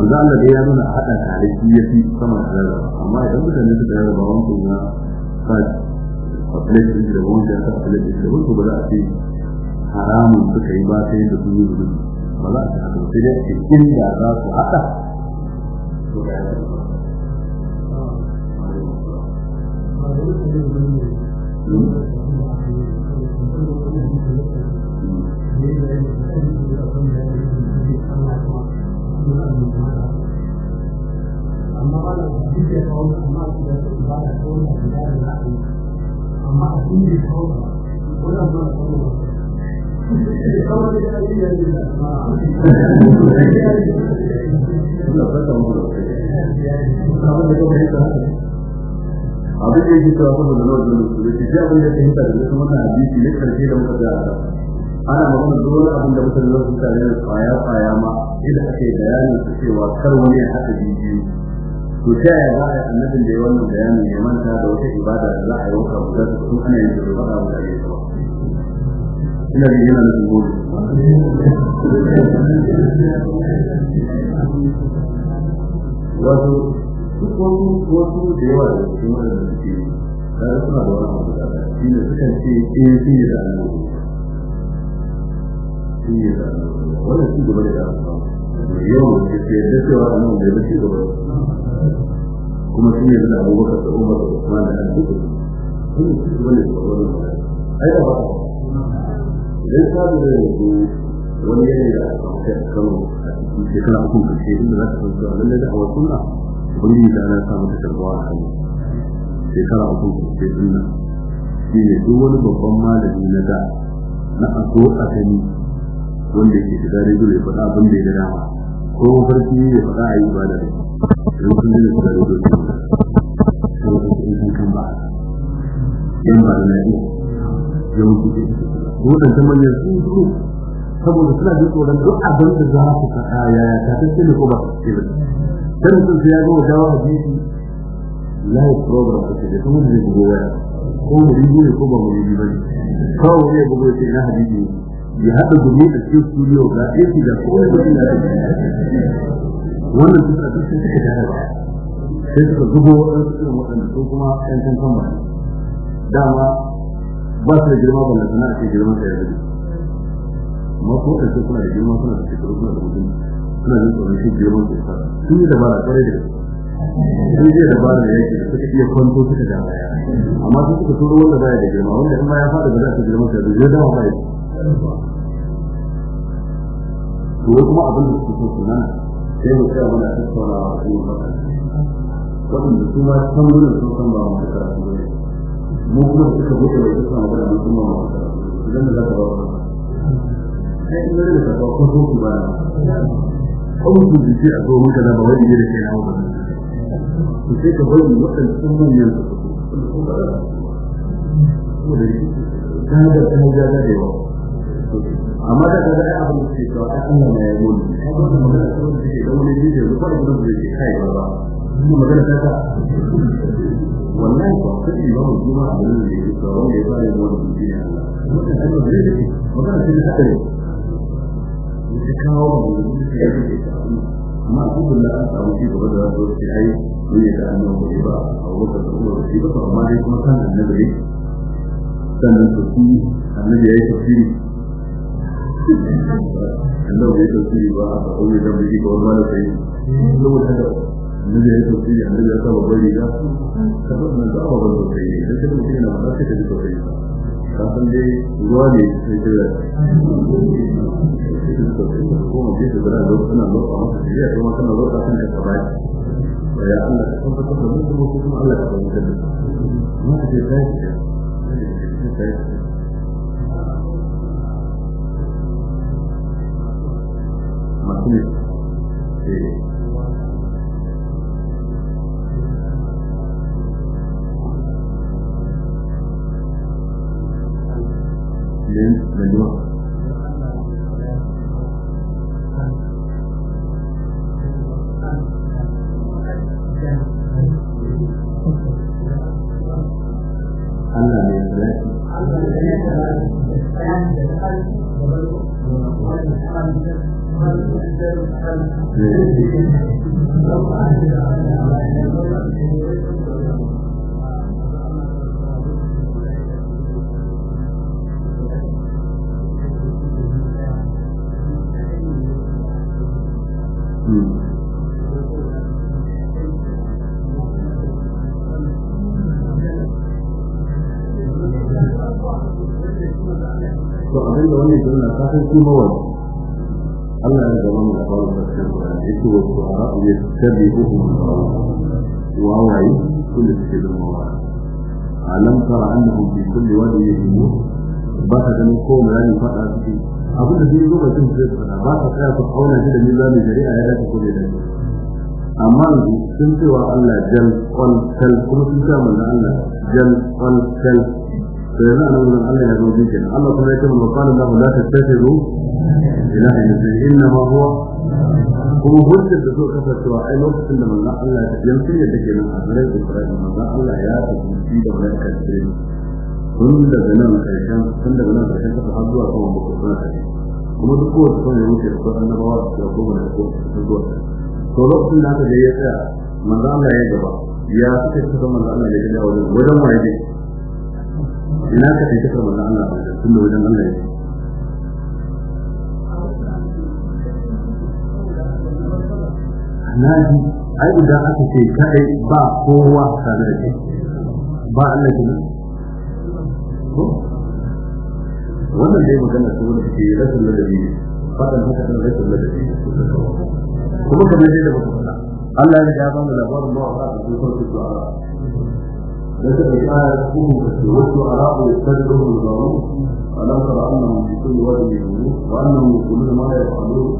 Allah dai ya nuna a haɗa tare shi ya fi sama da rarraba amma idan mutane suka rarraba wancan na sa a plate ɗin da wanda ya sa a plate ɗin da wanda ba za a ce haramun suka yi ba sai da sun yi ba za a ta sai dai za su da ya amma a cikin da kawo abin da yake cewa saboda lord da musu da shi abin da fahimta da kuma na hadisi ne karshe da muka ga ana magana da wani abin da mutane za su tare da kwaya kwaya ma idan aka yi su cewa kar wani ya haɗa biyu to ta yaya za a yi annabin da ya wannan bayanin ya manta da wata ibada da za a yi wata guda da kuma ana yin da ba a mutane ba ina da yana wato duk wasu wasu da yawa da suke da wani abu da shi ne sukan ce eh shi ne da annabi shi ne da wannan shi gaba da da ke da cewa annabi da gaba kuma shi ne da abubakar da umar da da shi ne da da ba idan ka da wani a cikin shekara uku samu ta a shekara uku shi ne wani babban malami na da na a a gani wanda ke shiga rediyo ya faɗa abin da ya dama ko mafarki ya faɗa a yi ibada da shi sun yi da shiga rediyo da shi kan ba yan ba da lafiya yawanci da waɗanda manyan sun su saboda suna jin tsoron duk abin da za su faɗa ya ta tafi ne ko ba su ce ba sai sun ya ga wata wa hadisi live program ta ce kuma da zai ba ko da rigo ne ko ba mu rigo ba ne kawai ne ce na hadisi ya haɗa gumi a cikin studio ga aiki da kowai ba ina da wannan duk a duk sun suka ba sai suka zubo waɗansu irin waɗanda su kuma ƴan kan ba dama ba su da girma ban sana a ce girma ta ya gudu ko da su suna da girma suna da shekaru suna da mutum suna da tsoron shi girma ta sa su yi da kwarai da su yi da da yake da suka iya kwanto suka da baya amma su suka turo wanda baya da girma wanda in ma ya fada ba za su girma ta ya gudu dama baya to kuma abin da suke so su nana sai mu tsaya muna tattaunawa a cikin mutane waɗanda su ma can gudun sun san ba mu da karatu ne mu kuma da suka bude mai suka magana da kuma idan da za ka Sai ina da ka ko ku ba ko ku ji ce a zo mun ba wani da ke na ba ku sai ka mu mutan sun mun yan ko da shi da da da yawa amma da kaga ai abin da ke cewa ai Allah ne ya yi mun ai wannan da wani da ba da da ke kai ba ba magana ta ta wannan ko sai ne wannan kuma abin da yake tsaro ba ne wannan shi ne Allah wannan abin da yake wannan shi ne hadari shi kawo mu shi ne amma duk da an samu shi gaba da wasu shi ai mun yi da annabi ba a wurin da kuma shi ba amma dai kuma kan annabi sannan su shi annabi ya yi tafsiri annabi ya tafsiri ba a kawai da biki ko wani sai saboda annabi ya yi tausayi annabi ya sa babban ba ka zo ba da ababen tausayi ne idan ka zo ta da ka ji ta san dai ruwa ne sai ta yi ko mu je da zara suna lokaci a masa shirya kuma kana ta kan ka ya Allah ka mu kuma Allah ka mu din balo Allah ne ya Allah eh. ne sarki mawaki Allah ya zama mu kawo wa ya tabi suke da mawa ba ka ganin ko mai fada suke da zai zo fada ba tsaya auna shi da ya dace ko bai dace amma yanzu sun cewa Allah jal kuma sun Allah to yanzu a nan Allah ya zo bikin Allah kuma ya ce wa qala Allah la kuma hujjar da suka kafa cewa ai lokacin da manzon Allah ya tafi yankin da take nan a garin da manzon Allah ya tafi da wani Jibril tun daga nan karshen tun daga nan karshen kafa har zuwa kuma bukukuwan karshe kuma duk kowace kuma ya wuce da kuma annabawa da kuma goma da kuma sun zuwa to lokacin da aka je ya tsaya manzon Allah ya gaba ya suka kafa manzon Allah ya gaba wajen wajen ina ka tantance kar manzon Allah ba tun da wajen Allah yake naji ai idan aka ce kadai ba kowa tare da kai ba Allah ke nan ko wannan dai magana ce wanda ke rashin ladabi fadan haka da rashin ladabi kuma kamar dai da baka faɗa Allah ya ga ba mu labarin ba a cikin farko ليست الآية تكون كالسواد وأراء يستجدهم الغرور ألم ترى أنهم في كل واد يؤمنون وأنهم يقولون ما يفعلون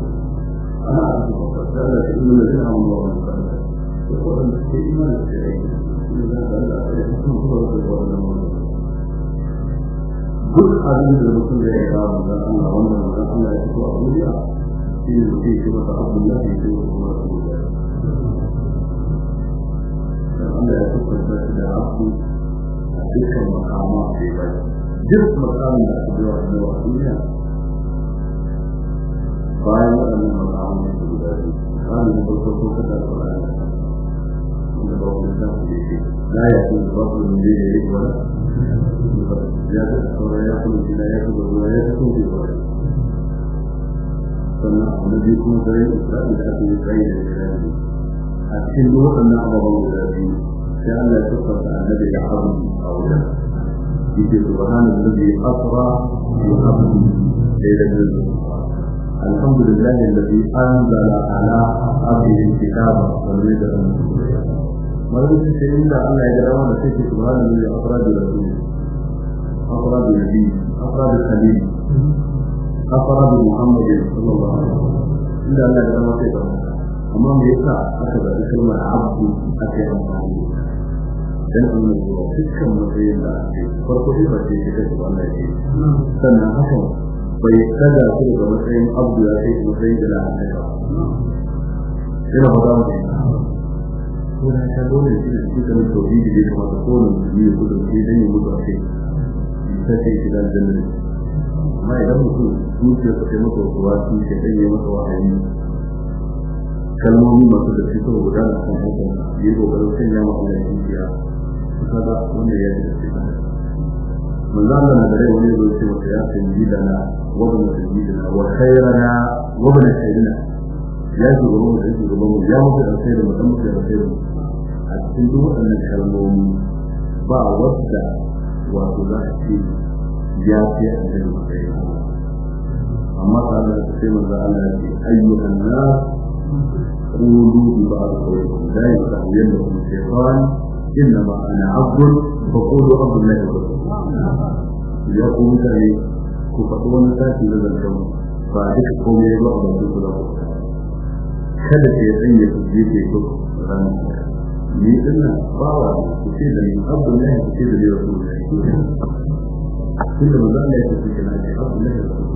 أنا أعرف فقط ذلك إن الذين آمنوا الله من قبل يقول أن الإيمان duk abin da mutum da ya kawo da Allah wannan da Allah ya fito a duniya shi ne mutum ya ce masa abin da ya ce masa kuma su da wanda ya tabbata da haku a dukkan makama da ya bai duk makamin da aka biya da wa duniya bayan waɗannan da su guda biyu kamin da farko ko kada da wani da ba wani da ku da ke Na ya ku ba ku da ne ya yi wala ya ta saura ya ku da ya ta da ya ku da wala sannan abu na biyu kuma da yi ku da aka yi kai da ya ku a cikin duk na ababen guda biyu sai Allah ya tabbata annabi ya haru a wajen yake subhana alladhi asra bi abdi laylan min alhamdulillah alladhi anzala ala abdihi alkitaba wa lam yaj'al lahu malaikatu sai inda Allah ya ga wannan sai subhana alladhi asra bi rasulihi asra bi nabiyyi asra bi khalili asra bi muhammadin sallallahu alaihi wasallam inda Allah ya ga wannan sai amma me yasa aka zaɓi kalmar abdu aka yi amfani dan amma zuwa dukkan matsayin da ake farko dai ba sai kika ba Allah ce sannan hakan bai kada su daga matsayin abdu ya kai matsayin da la'a ba ina ba mu ko da ta dole ne shi kuma da da kuma da kowane musulmi ya kudu sai dan ya mutu a kai ta ce gidan jannatin amma idan mutum zuciya ta kai masa wasu wasu ke dan masa wahayi kalmomi masu da su kuma guda da kan aikin yi kokarin sanya ma Allah ya kaga wanda ya ji da shi manzo Allah na da wani zai ce masa ya sanji da na wa ba sanji da na wa khairana wa ba na, ya ji gurin da yake gaban mu ya mutu da sai da mutum da sai da a cikin duk wannan kalmomi ba wanda wato za a ce ya ce a cikin amma ta sai manzo Allah ya ce قولوا ببعض قولكم لا يستعينكم الشيطان انما انا عبد فقولوا عبد الله ورسوله اذا مثلا ايه كفتوا نتاكي لذا الكون فعليك قوم يا الله ابن كل الله كذا في عيني تجيب يكتب ان بعض تشيد من عبد الله تشيد لرسوله كل من ذلك يتكلم عبد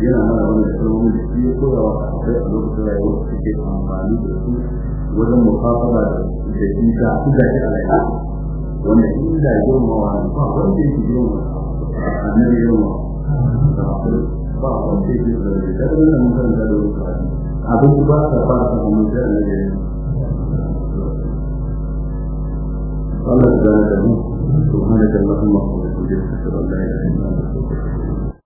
yana mana wani kalmomi da shi ya koya wa sai a lokacin rayuwar su ke amfani da su wajen mukafara da shi ta kuda shi a rayuwa wanda shi da girmawa ne ba wanda yake a annabi girma da hakuri ba wanda yake girma da ta wani nan kan da wani karatu abin ba ta fara ta kuma da annabi girma Allah subhanahu wa ta'ala subhanaka allahumma wa bihamdika ashhadu an la ilaha illa anta astaghfiruka da atubu ilayk